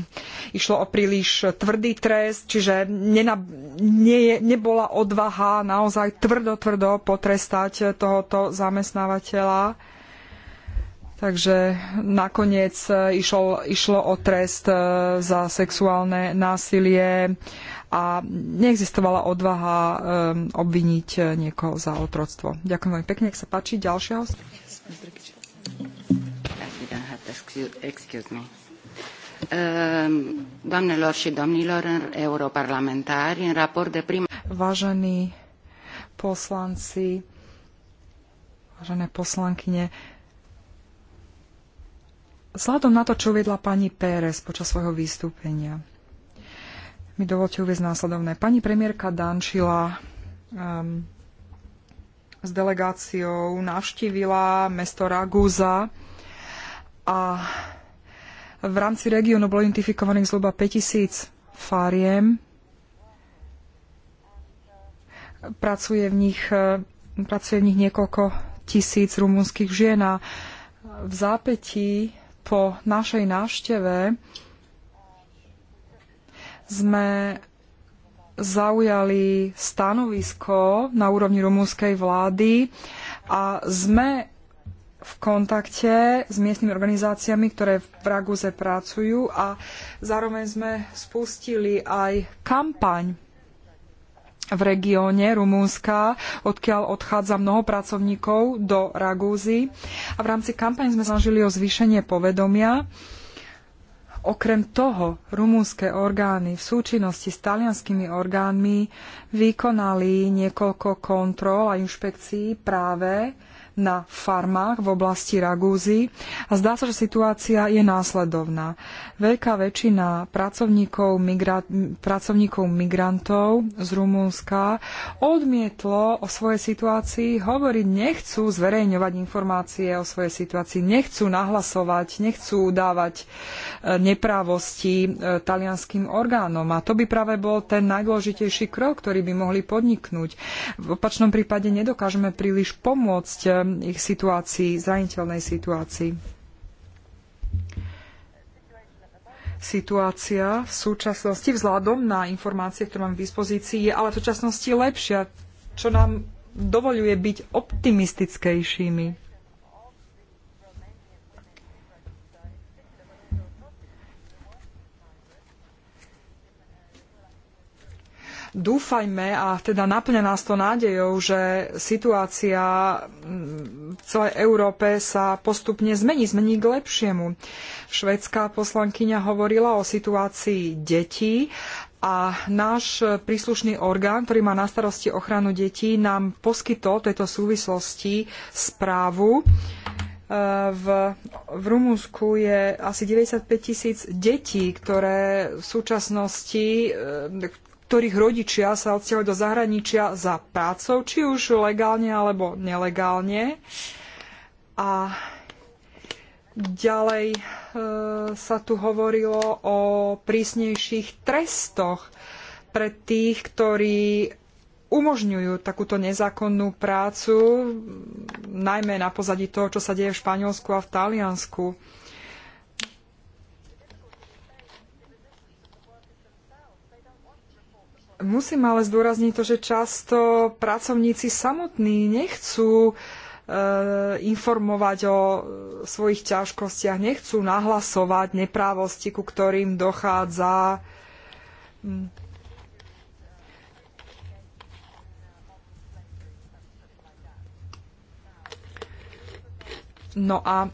S2: išlo o príliš tvrdý trest, čiže nena, nie, nebola odvaha naozaj tvrdo, tvrdo potrestať tohoto zamestnávateľa. Takže nakoniec išlo, išlo o trest e, za sexuálne násilie a neexistovala odvaha e, obviniť niekoho za otroctvo. Ďakujem veľmi pekne, nech sa páči. Ďalšia host excuse, excuse me. Ehm, doamnelor și domnilor europarlamentari, în raport de Vážení poslanci, vážené poslankyne, vzhľadom na to, čo uviedla pani Pérez počas svojho vystúpenia, mi dovolte uvieť následovné. Pani premiérka Dančila um, s delegáciou navštívila mesto Raguza a v rámci regiónu bolo identifikovaných zhruba 5000 fáriem. Pracuje v nich, e, pracuje v nich niekoľko tisíc rumunských žien a v zápätí po našej návšteve sme zaujali stanovisko na úrovni rumúnskej vlády a sme v kontakte s miestnymi organizáciami, ktoré v Raguze pracujú a zároveň sme spustili aj kampaň v regióne Rumúnska, odkiaľ odchádza mnoho pracovníkov do Ragúzy. A v rámci kampaň sme snažili o zvýšenie povedomia. Okrem toho, rumúnske orgány v súčinnosti s talianskými orgánmi vykonali niekoľko kontrol a inšpekcií práve na farmách v oblasti Ragúzy a zdá sa, že situácia je následovná. Veľká väčšina pracovníkov, migra- pracovníkov migrantov z Rumúnska odmietlo o svojej situácii hovoriť, nechcú zverejňovať informácie o svojej situácii, nechcú nahlasovať, nechcú dávať e, neprávosti e, talianským orgánom. A to by práve bol ten najdôležitejší krok, ktorý by mohli podniknúť. V opačnom prípade nedokážeme príliš pomôcť e, ich situácii, zraniteľnej situácii. Situácia v súčasnosti vzhľadom na informácie, ktoré mám v dispozícii, je ale v súčasnosti lepšia, čo nám dovoľuje byť optimistickejšími. Dúfajme a teda naplňa nás to nádejou, že situácia v celej Európe sa postupne zmení, zmení k lepšiemu. Švedská poslankyňa hovorila o situácii detí a náš príslušný orgán, ktorý má na starosti ochranu detí, nám poskytol tejto súvislosti správu. V, v Rumunsku je asi 95 tisíc detí, ktoré v súčasnosti, ktorých rodičia sa odsťahujú do zahraničia za prácou, či už legálne alebo nelegálne. A ďalej e, sa tu hovorilo o prísnejších trestoch pre tých, ktorí umožňujú takúto nezákonnú prácu, najmä na pozadí toho, čo sa deje v Španielsku a v Taliansku. Musím ale zdôrazniť to, že často pracovníci samotní nechcú e, informovať o eh, svojich ťažkostiach, nechcú nahlasovať neprávosti, ku ktorým dochádza. Mm. No a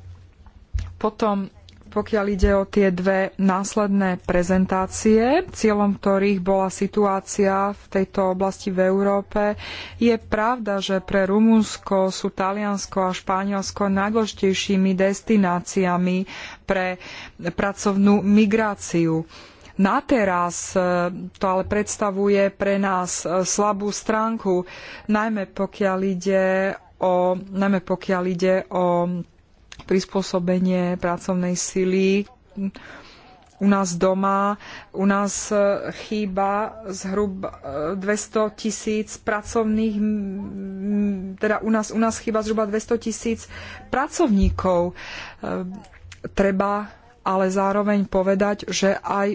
S2: potom pokiaľ ide o tie dve následné prezentácie, cieľom ktorých bola situácia v tejto oblasti v Európe, je pravda, že pre Rumunsko sú Taliansko a Španielsko najdôležitejšími destináciami pre pracovnú migráciu. Na teraz e, to ale predstavuje pre nás e, slabú stránku, najmä pokiaľ ide o, najmä pokiaľ ide o prispôsobenie pracovnej sily. U nás doma, u nás e, chýba zhruba 200 e, tisíc pracovných, teda u nás, u nás chýba zhruba 200 tisíc pracovníkov. E, treba ale zároveň povedať, že aj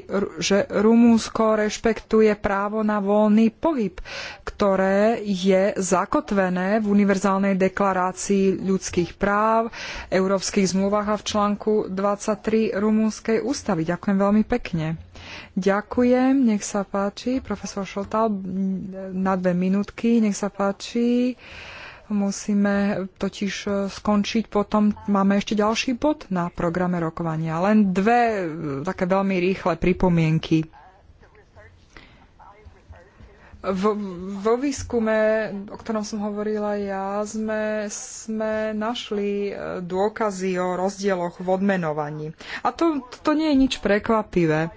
S2: že Rumúnsko rešpektuje právo na voľný pohyb, ktoré je zakotvené v Univerzálnej deklarácii ľudských práv, európskych zmluvách a v článku 23 Rumúnskej ústavy. Ďakujem veľmi pekne. Ďakujem, nech sa páči, profesor Šoltal, na dve minútky, nech sa páči. Uh, Musíme totiž e, skončiť, potom máme ešte ďalší bod na programe rokovania. Len dve e, také veľmi rýchle pripomienky. Vo, vo výskume, o ktorom som hovorila ja, sme, sme našli e, dôkazy o rozdieloch v odmenovaní. A to, to nie je nič prekvapivé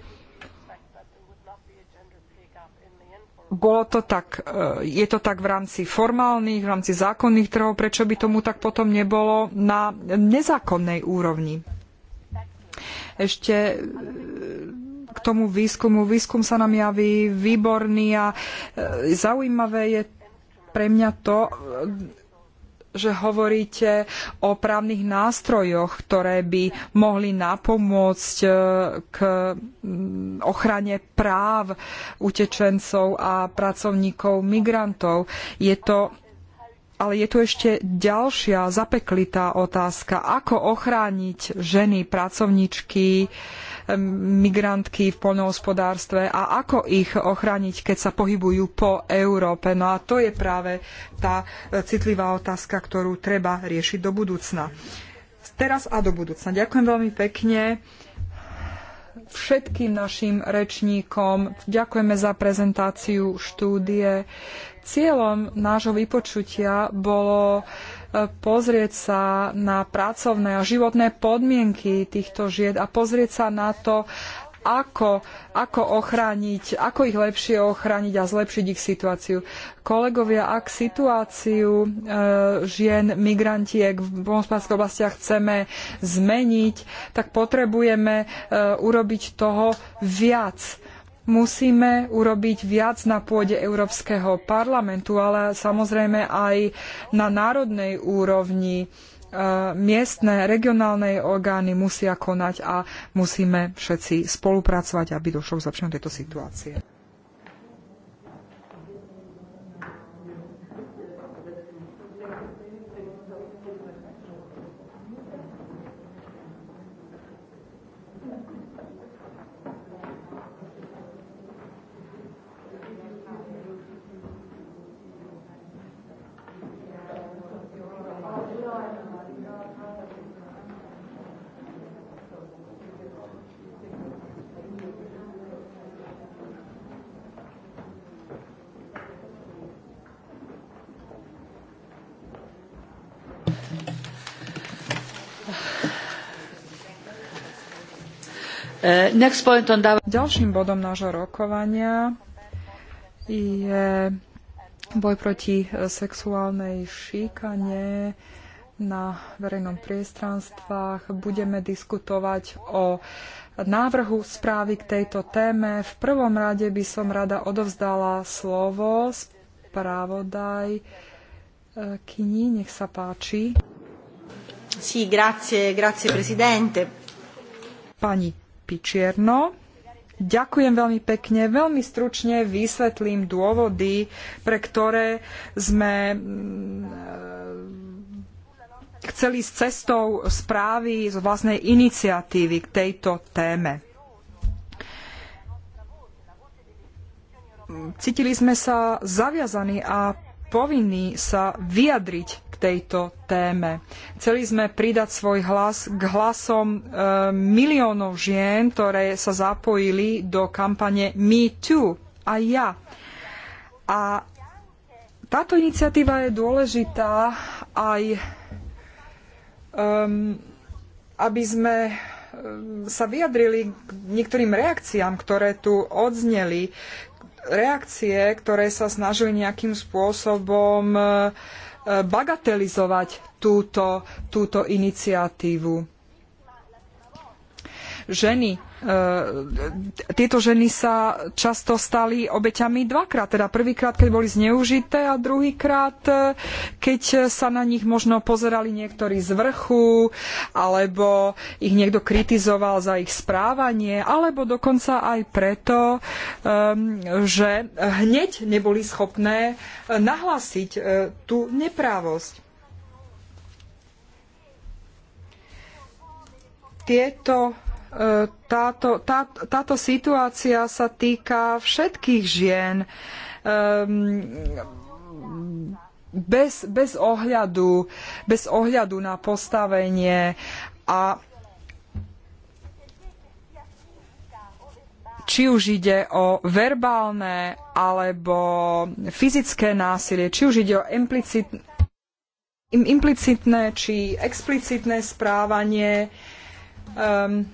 S2: bolo to tak, e, je to tak v rámci formálnych, v rámci zákonných trhov, prečo by tomu tak potom nebolo na nezákonnej úrovni? Ešte e, k tomu výskumu. Výskum sa nám javí výborný a e, zaujímavé je pre mňa to, že hovoríte o právnych nástrojoch, ktoré by mohli napomôcť e, k mm, ochrane práv utečencov a pracovníkov migrantov. Je to ale je tu ešte ďalšia zapeklitá otázka. Ako ochrániť ženy, pracovníčky, migrantky v poľnohospodárstve a ako ich ochrániť, keď sa pohybujú po Európe? No a to je práve tá citlivá otázka, ktorú treba riešiť do budúcna. Teraz a do budúcna. Ďakujem veľmi pekne všetkým našim rečníkom. Ďakujeme za prezentáciu štúdie. Cieľom nášho vypočutia bolo e, pozrieť sa na pracovné a životné podmienky týchto žied a pozrieť sa na to, ako, ako ochrániť, ako ich lepšie ochrániť a zlepšiť ich situáciu. Kolegovia, ak situáciu e, žien migrantiek v pomospárských oblastiach chceme zmeniť, tak potrebujeme e, urobiť toho viac musíme urobiť viac na pôde Európskeho parlamentu, ale samozrejme aj na národnej úrovni. E, miestne, regionálne orgány musia konať a musíme všetci spolupracovať, aby došlo k zlepšeniu tejto situácie. Eh, Ďalším bodom nášho rokovania je boj proti eh, sexuálnej šikane na verejnom priestranstvách. Budeme diskutovať o návrhu správy k tejto téme. V prvom rade by som rada odovzdala slovo správodaj Kini. nech sa páči. Sí, grazie, grazie, presidente. Pani Pičierno. Ďakujem veľmi pekne. Veľmi stručne vysvetlím dôvody, pre ktoré sme mm, chceli s cestou správy z vlastnej iniciatívy k tejto téme. Cítili sme sa zaviazaní a povinní sa vyjadriť k tejto téme. Chceli sme pridať svoj hlas k hlasom e, miliónov žien, ktoré sa zapojili do kampane Me Too a ja. A táto iniciatíva je dôležitá aj, um, aby sme sa vyjadrili k niektorým reakciám, ktoré tu odzneli reakcie, ktoré sa snažili nejakým spôsobom e, e, bagatelizovať túto, túto iniciatívu. Ženy E, tieto ženy sa často stali obeťami dvakrát. Teda prvýkrát, keď boli zneužité a druhýkrát, e, keď sa na nich možno pozerali niektorí z vrchu, alebo ich niekto kritizoval za ich správanie, alebo dokonca aj preto, e, že hneď neboli schopné nahlásiť tú neprávosť. Tieto táto, tá, táto situácia sa týka všetkých žien um, bez, bez, ohľadu, bez ohľadu na postavenie a či už ide o verbálne alebo fyzické násilie, či už ide o implicit, implicitné či explicitné správanie. Um,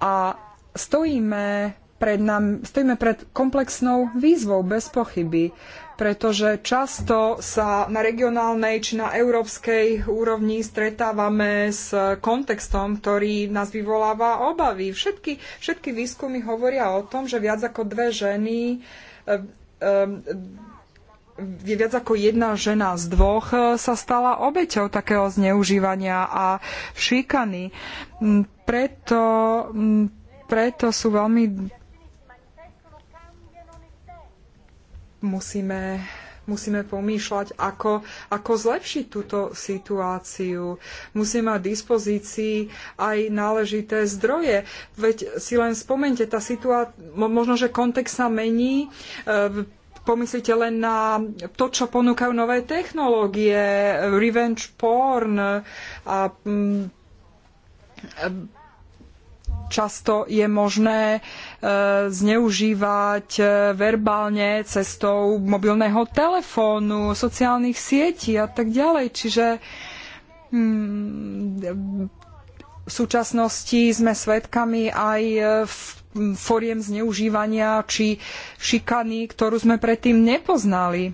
S2: a stojíme pred, nám, stojíme pred komplexnou výzvou bez pochyby, pretože často sa na regionálnej či na európskej úrovni stretávame s kontextom, ktorý nás vyvoláva obavy. Všetky, všetky výskumy hovoria o tom, že viac ako dve ženy e, e, je viac ako jedna žena z dvoch e, sa stala obeťou takého zneužívania a šikany preto, preto sú veľmi musíme musíme pomýšľať, ako, ako zlepšiť túto situáciu. Musíme mať dispozícii aj náležité zdroje. Veď si len spomente, tá situácia, možno, že kontext sa mení, e, Pomyslite len na to, čo ponúkajú nové technológie, revenge porn a často je možné e, zneužívať e, verbálne cestou mobilného telefónu, sociálnych sietí a tak ďalej. Čiže mm, v súčasnosti sme svedkami aj e, foriem zneužívania či šikany, ktorú sme predtým nepoznali.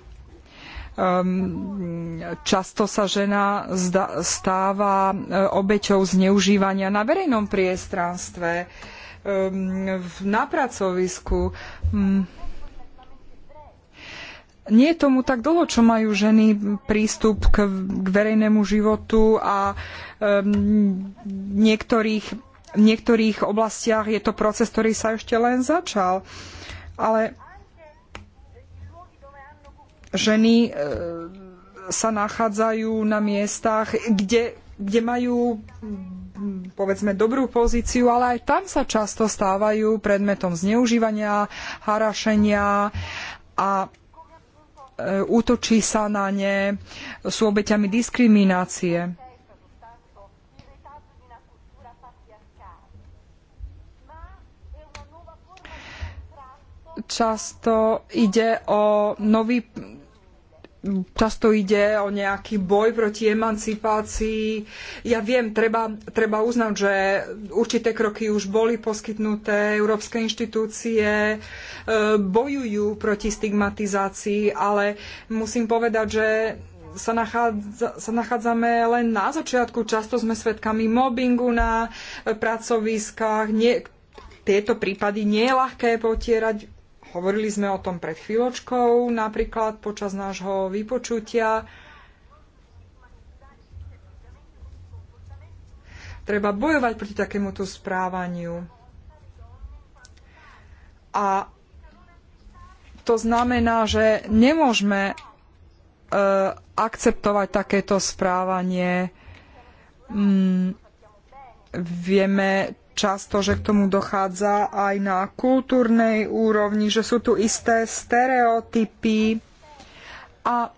S2: Ehm, často sa žena stáva e, obeťou zneužívania na verejnom priestranstve, ehm, na pracovisku. Mm. Nie je tomu tak dlho, čo majú ženy prístup k, verejnému životu a ehm, niektorých, v niektorých oblastiach je to proces, ktorý sa ešte len začal. Ale ženy e, sa nachádzajú na miestach, kde, kde majú povedzme dobrú pozíciu, ale aj tam sa často stávajú predmetom zneužívania, harašenia a e, útočí sa na ne, sú obeťami diskriminácie. Často ide o nový často ide o nejaký boj proti emancipácii. Ja viem, treba, treba uznať, že určité kroky už boli poskytnuté, európske inštitúcie e, bojujú proti stigmatizácii, ale musím povedať, že sa, nachádza, sa nachádzame len na začiatku. Často sme svedkami mobbingu na pracoviskách. Nie, tieto prípady nie je ľahké potierať Hovorili sme o tom pred chvíľočkou, napríklad počas nášho vypočutia. Treba bojovať proti takémuto správaniu. A to znamená, že nemôžeme e, akceptovať takéto správanie. Mm, vieme často, že k tomu dochádza aj na kultúrnej úrovni, že sú tu isté stereotypy a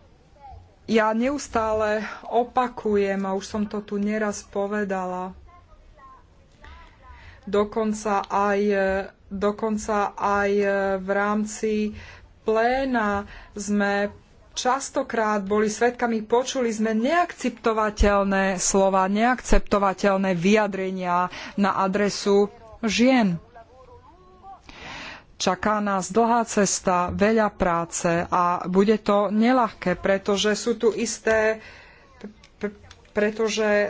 S2: ja neustále opakujem, a už som to tu neraz povedala, dokonca aj, dokonca aj v rámci pléna sme častokrát boli svetkami, počuli sme neakceptovateľné slova, neakceptovateľné vyjadrenia na adresu žien. Čaká nás dlhá cesta, veľa práce a bude to nelahké, pretože sú tu isté, pretože e,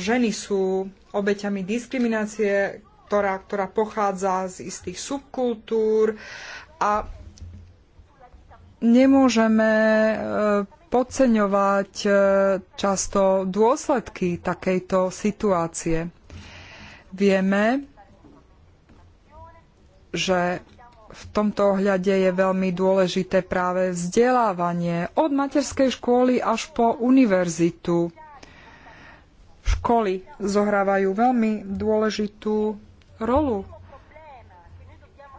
S2: ženy sú obeťami diskriminácie, ktorá, ktorá pochádza z istých subkultúr a nemôžeme eh, podceňovať eh, často dôsledky takejto situácie. Vieme, že v tomto ohľade je veľmi dôležité práve vzdelávanie od materskej školy až po univerzitu. Školy zohrávajú veľmi dôležitú rolu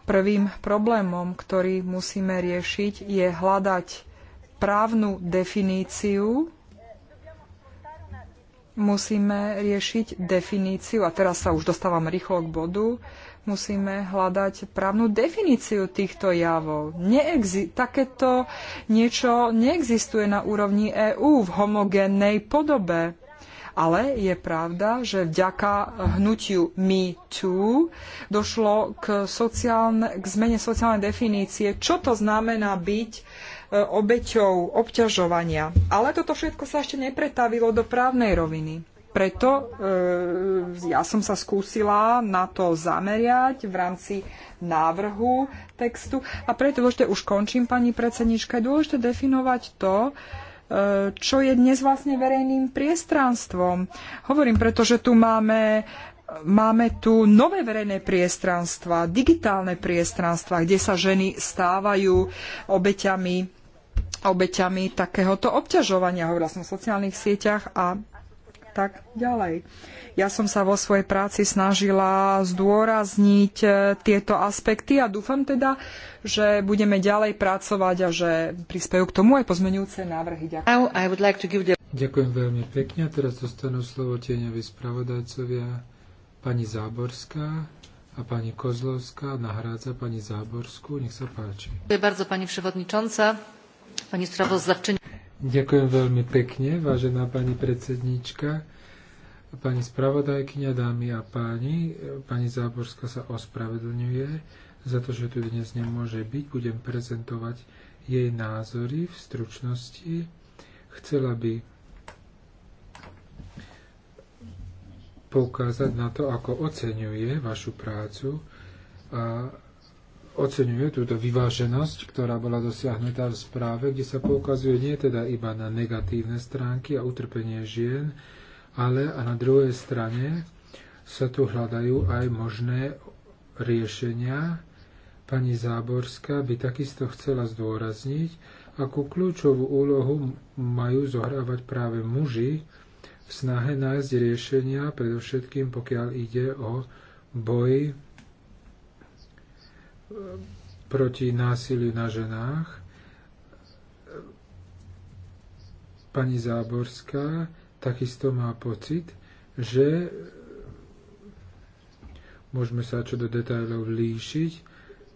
S2: Prvým problémom, ktorý musíme riešiť, je hľadať právnu definíciu. Musíme riešiť definíciu, a teraz sa už dostávam rýchlo k bodu, musíme hľadať právnu definíciu týchto javov. Neexi- takéto niečo neexistuje na úrovni EÚ v homogénnej podobe ale je pravda, že vďaka hnutiu Me Too došlo k, sociálne, k zmene sociálnej definície, čo to znamená byť e, obeťou obťažovania. Ale toto všetko sa ešte nepretavilo do právnej roviny preto e, ja som sa skúsila na to zameriať v rámci návrhu textu. A preto dôležité, už končím, pani predsednička, je dôležité definovať to, e, čo je dnes vlastne verejným priestranstvom. Hovorím, pretože tu máme máme tu nové verejné priestranstva, digitálne priestranstva, kde sa ženy stávajú obeťami obeťami takéhoto obťažovania. Hovorila som v sociálnych sieťach a tak ďalej. Ja som sa vo svojej práci snažila zdôrazniť e, tieto aspekty a dúfam teda, že budeme ďalej pracovať a že prispejú k tomu aj pozmenujúce návrhy. Ďakujem.
S3: Ďakujem veľmi pekne. teraz dostanú slovo tieňovi spravodajcovia pani Záborská a pani Kozlovská nahrádza pani Záborskú. Nech sa páči. Ďakujem bardzo
S1: pani przewodnicząca, pani sprawozdawczyni.
S3: Ďakujem veľmi pekne, vážená pani predsedníčka, pani spravodajkyňa, dámy a páni. Pani Záborská sa ospravedlňuje za to, že tu dnes nemôže byť. Budem prezentovať jej názory v stručnosti. Chcela by poukázať na to, ako oceňuje vašu prácu a oceňuje túto vyváženosť, ktorá bola dosiahnutá v správe, kde sa poukazuje nie teda iba na negatívne stránky a utrpenie žien, ale a na druhej strane sa tu hľadajú aj možné riešenia. Pani Záborská by takisto chcela zdôrazniť, akú kľúčovú úlohu majú zohrávať práve muži v snahe nájsť riešenia, predovšetkým pokiaľ ide o boj proti násiliu na ženách. Pani Záborská takisto má pocit, že môžeme sa čo do detajlov líšiť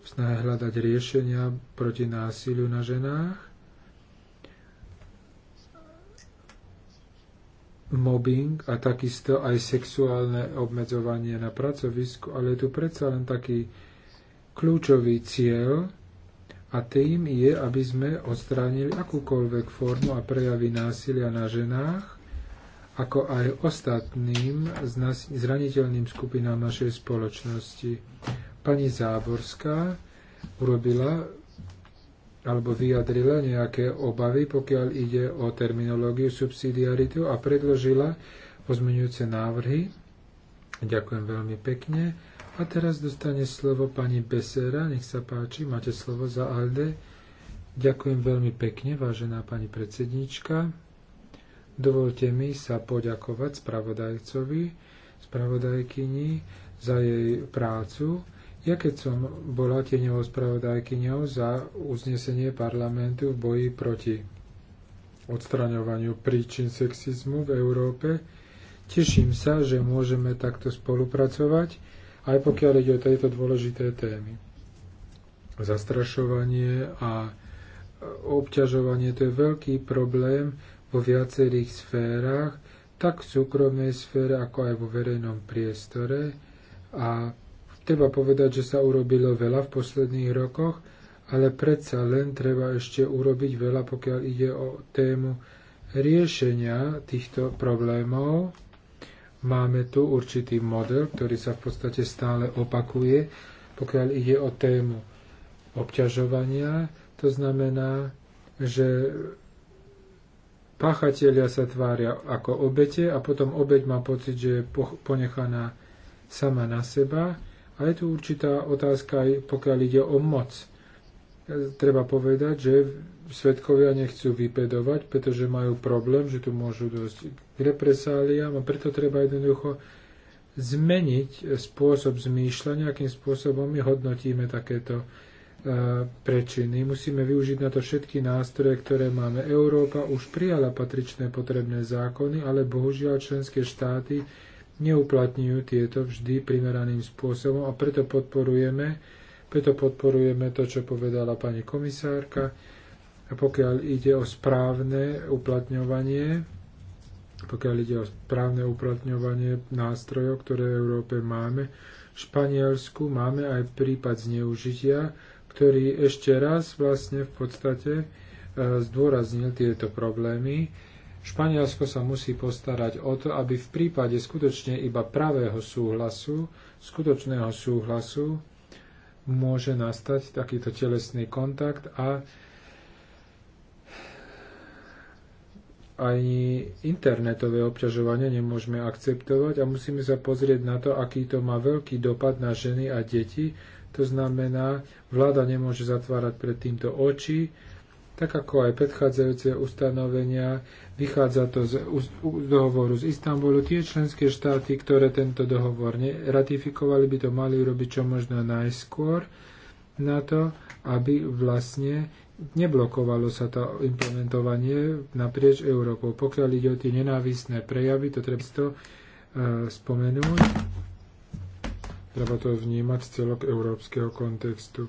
S3: v snahe hľadať riešenia proti násiliu na ženách. mobbing a takisto aj sexuálne obmedzovanie na pracovisku, ale je tu predsa len taký kľúčový cieľ a tým je, aby sme odstránili akúkoľvek formu a prejavy násilia na ženách, ako aj ostatným zraniteľným skupinám našej spoločnosti. Pani Záborská urobila alebo vyjadrila nejaké obavy, pokiaľ ide o terminológiu subsidiaritu a predložila pozmeňujúce návrhy. Ďakujem veľmi pekne a teraz dostane slovo pani Besera. Nech sa páči, máte slovo za Alde. Ďakujem veľmi pekne, vážená pani predsedníčka. Dovolte mi sa poďakovať spravodajcovi, spravodajkyni za jej prácu. Ja keď som bola tieňovou spravodajkyňou za uznesenie parlamentu v boji proti odstraňovaniu príčin sexizmu v Európe, teším sa, že môžeme takto spolupracovať aj pokiaľ ide o tejto dôležité témy. Zastrašovanie a obťažovanie to je veľký problém vo viacerých sférach, tak v súkromnej sfére, ako aj vo verejnom priestore. A treba povedať, že sa urobilo veľa v posledných rokoch, ale predsa len treba ešte urobiť veľa, pokiaľ ide o tému riešenia týchto problémov. Máme tu určitý model, ktorý sa v podstate stále opakuje, pokiaľ ide o tému obťažovania. To znamená, že páchatelia sa tvária ako obete a potom obeť má pocit, že je ponechaná sama na seba. A je tu určitá otázka, pokiaľ ide o moc treba povedať, že svetkovia nechcú vypedovať, pretože majú problém, že tu môžu dosť k represáliám a preto treba jednoducho zmeniť spôsob zmýšľania, akým spôsobom my hodnotíme takéto e, prečiny. Musíme využiť na to všetky nástroje, ktoré máme. Európa už prijala patričné potrebné zákony, ale bohužiaľ členské štáty neuplatňujú tieto vždy primeraným spôsobom a preto podporujeme preto podporujeme to, čo povedala pani komisárka. A pokiaľ ide o správne uplatňovanie, pokiaľ ide o správne uplatňovanie nástrojov, ktoré v Európe máme, v Španielsku máme aj prípad zneužitia, ktorý ešte raz vlastne v podstate e, zdôraznil tieto problémy. Španielsko sa musí postarať o to, aby v prípade skutočne iba pravého súhlasu, skutočného súhlasu, môže nastať takýto telesný kontakt a ani internetové obťažovanie nemôžeme akceptovať a musíme sa pozrieť na to, aký to má veľký dopad na ženy a deti. To znamená, vláda nemôže zatvárať pred týmto oči, tak ako aj predchádzajúce ustanovenia, vychádza to z, dohovoru z Istanbulu. Tie členské štáty, ktoré tento dohovor neratifikovali, by to mali urobiť čo možno najskôr na to, aby vlastne neblokovalo sa to implementovanie naprieč Európou. Pokiaľ ide o tie nenávisné prejavy, to treba to e, spomenúť. Treba to vnímať z celok európskeho kontextu.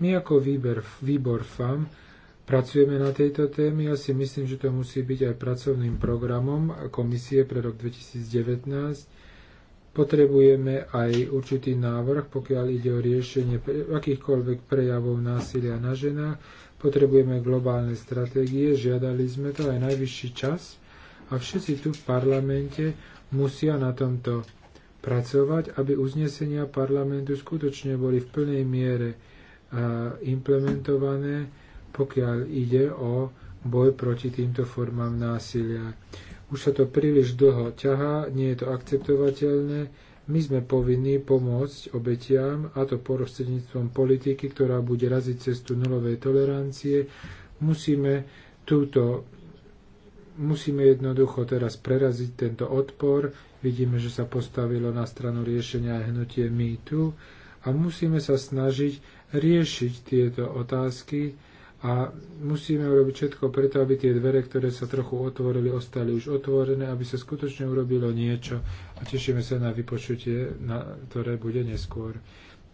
S3: My ako výber, výbor FAM Pracujeme na tejto téme. Ja si myslím, že to musí byť aj pracovným programom komisie pre rok 2019. Potrebujeme aj určitý návrh, pokiaľ ide o riešenie akýchkoľvek prejavov násilia na ženách. Potrebujeme globálne stratégie, žiadali sme to aj najvyšší čas a všetci tu v parlamente musia na tomto pracovať, aby uznesenia parlamentu skutočne boli v plnej miere implementované pokiaľ ide o boj proti týmto formám násilia. Už sa to príliš dlho ťahá, nie je to akceptovateľné. My sme povinní pomôcť obetiam, a to prostredníctvom politiky, ktorá bude raziť cestu nulovej tolerancie. Musíme túto musíme jednoducho teraz preraziť tento odpor. Vidíme, že sa postavilo na stranu riešenia aj hnutie MeToo a musíme sa snažiť riešiť tieto otázky a musíme urobiť všetko preto, aby tie dvere, ktoré sa trochu otvorili, ostali už otvorené, aby sa skutočne urobilo niečo a tešíme sa na vypočutie, na, ktoré bude neskôr.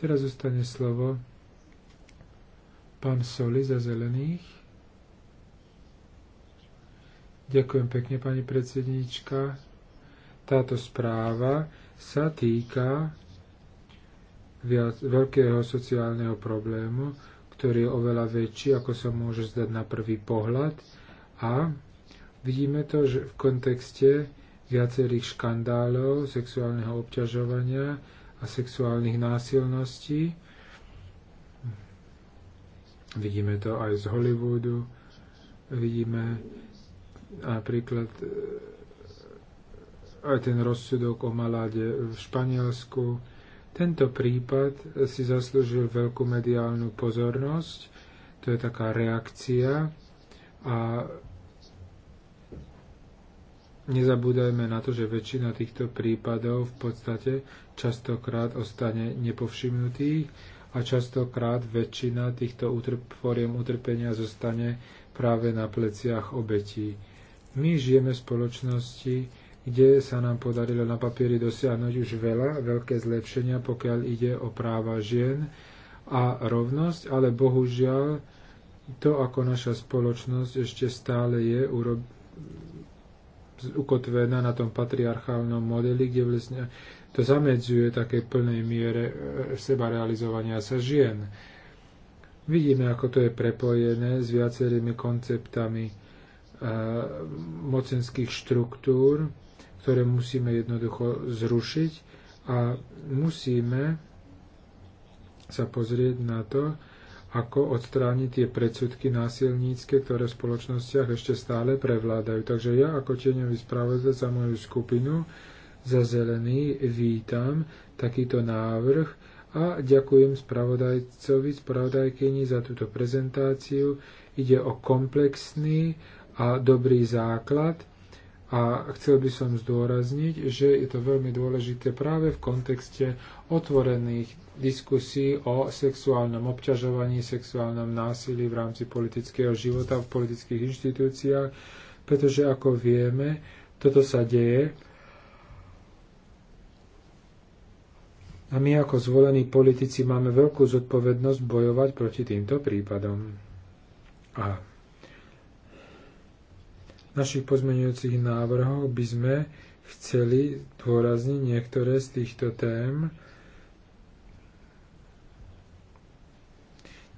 S3: Teraz zostane slovo pán Soli za zelených. Ďakujem pekne, pani predsedníčka. Táto správa sa týka viac, veľkého sociálneho problému, ktorý je oveľa väčší, ako sa môže zdať na prvý pohľad. A vidíme to, že v kontexte viacerých škandálov sexuálneho obťažovania a sexuálnych násilností. Vidíme to aj z Hollywoodu, vidíme napríklad e, aj ten rozsudok o Maláde v Španielsku, tento prípad si zaslúžil veľkú mediálnu pozornosť, to je taká reakcia a nezabúdajme na to, že väčšina týchto prípadov v podstate častokrát ostane nepovšimnutých a častokrát väčšina týchto foriem utrpenia zostane práve na pleciach obetí. My žijeme v spoločnosti, kde sa nám podarilo na papieri dosiahnuť už veľa, veľké zlepšenia, pokiaľ ide o práva žien a rovnosť, ale bohužiaľ to, ako naša spoločnosť ešte stále je urob... ukotvená na tom patriarchálnom modeli, kde vlastne to zamedzuje také plnej miere e, seba realizovania sa žien. Vidíme, ako to je prepojené s viacerými konceptami e, mocenských štruktúr, ktoré musíme jednoducho zrušiť a musíme sa pozrieť na to, ako odstrániť tie predsudky násilnícke, ktoré v spoločnostiach ešte stále prevládajú. Takže ja ako tieňový spravodaj za moju skupinu za zelený vítam takýto návrh a ďakujem spravodajcovi, spravodajkyni za túto prezentáciu. Ide o komplexný a dobrý základ a chcel by som zdôrazniť, že je to veľmi dôležité práve v kontexte otvorených diskusí o sexuálnom obťažovaní, sexuálnom násilí v rámci politického života v politických inštitúciách, pretože ako vieme, toto sa deje a my ako zvolení politici máme veľkú zodpovednosť bojovať proti týmto prípadom. A našich pozmeňujúcich návrhoch by sme chceli dôrazniť niektoré z týchto tém,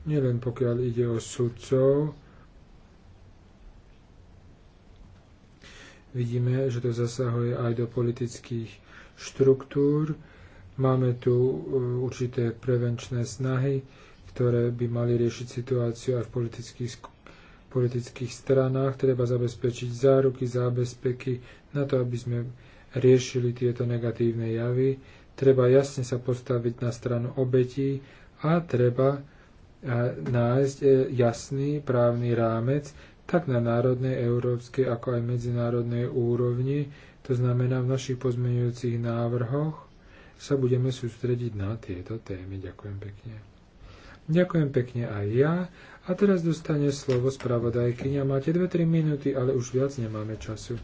S3: nielen pokiaľ ide o sudcov, Vidíme, že to zasahuje aj do politických štruktúr. Máme tu e, určité prevenčné snahy, ktoré by mali riešiť situáciu aj v politických politických stranách. Treba zabezpečiť záruky, zábezpeky na to, aby sme riešili tieto negatívne javy. Treba jasne sa postaviť na stranu obetí a treba eh, nájsť eh, jasný právny rámec tak na národnej, európskej, ako aj medzinárodnej úrovni. To znamená, v našich pozmeňujúcich návrhoch sa budeme sústrediť na tieto témy. Ďakujem pekne. Ďakujem pekne aj ja a teraz dostane slovo spravodajkyňa. Máte 2-3 minúty, ale už viac nemáme času.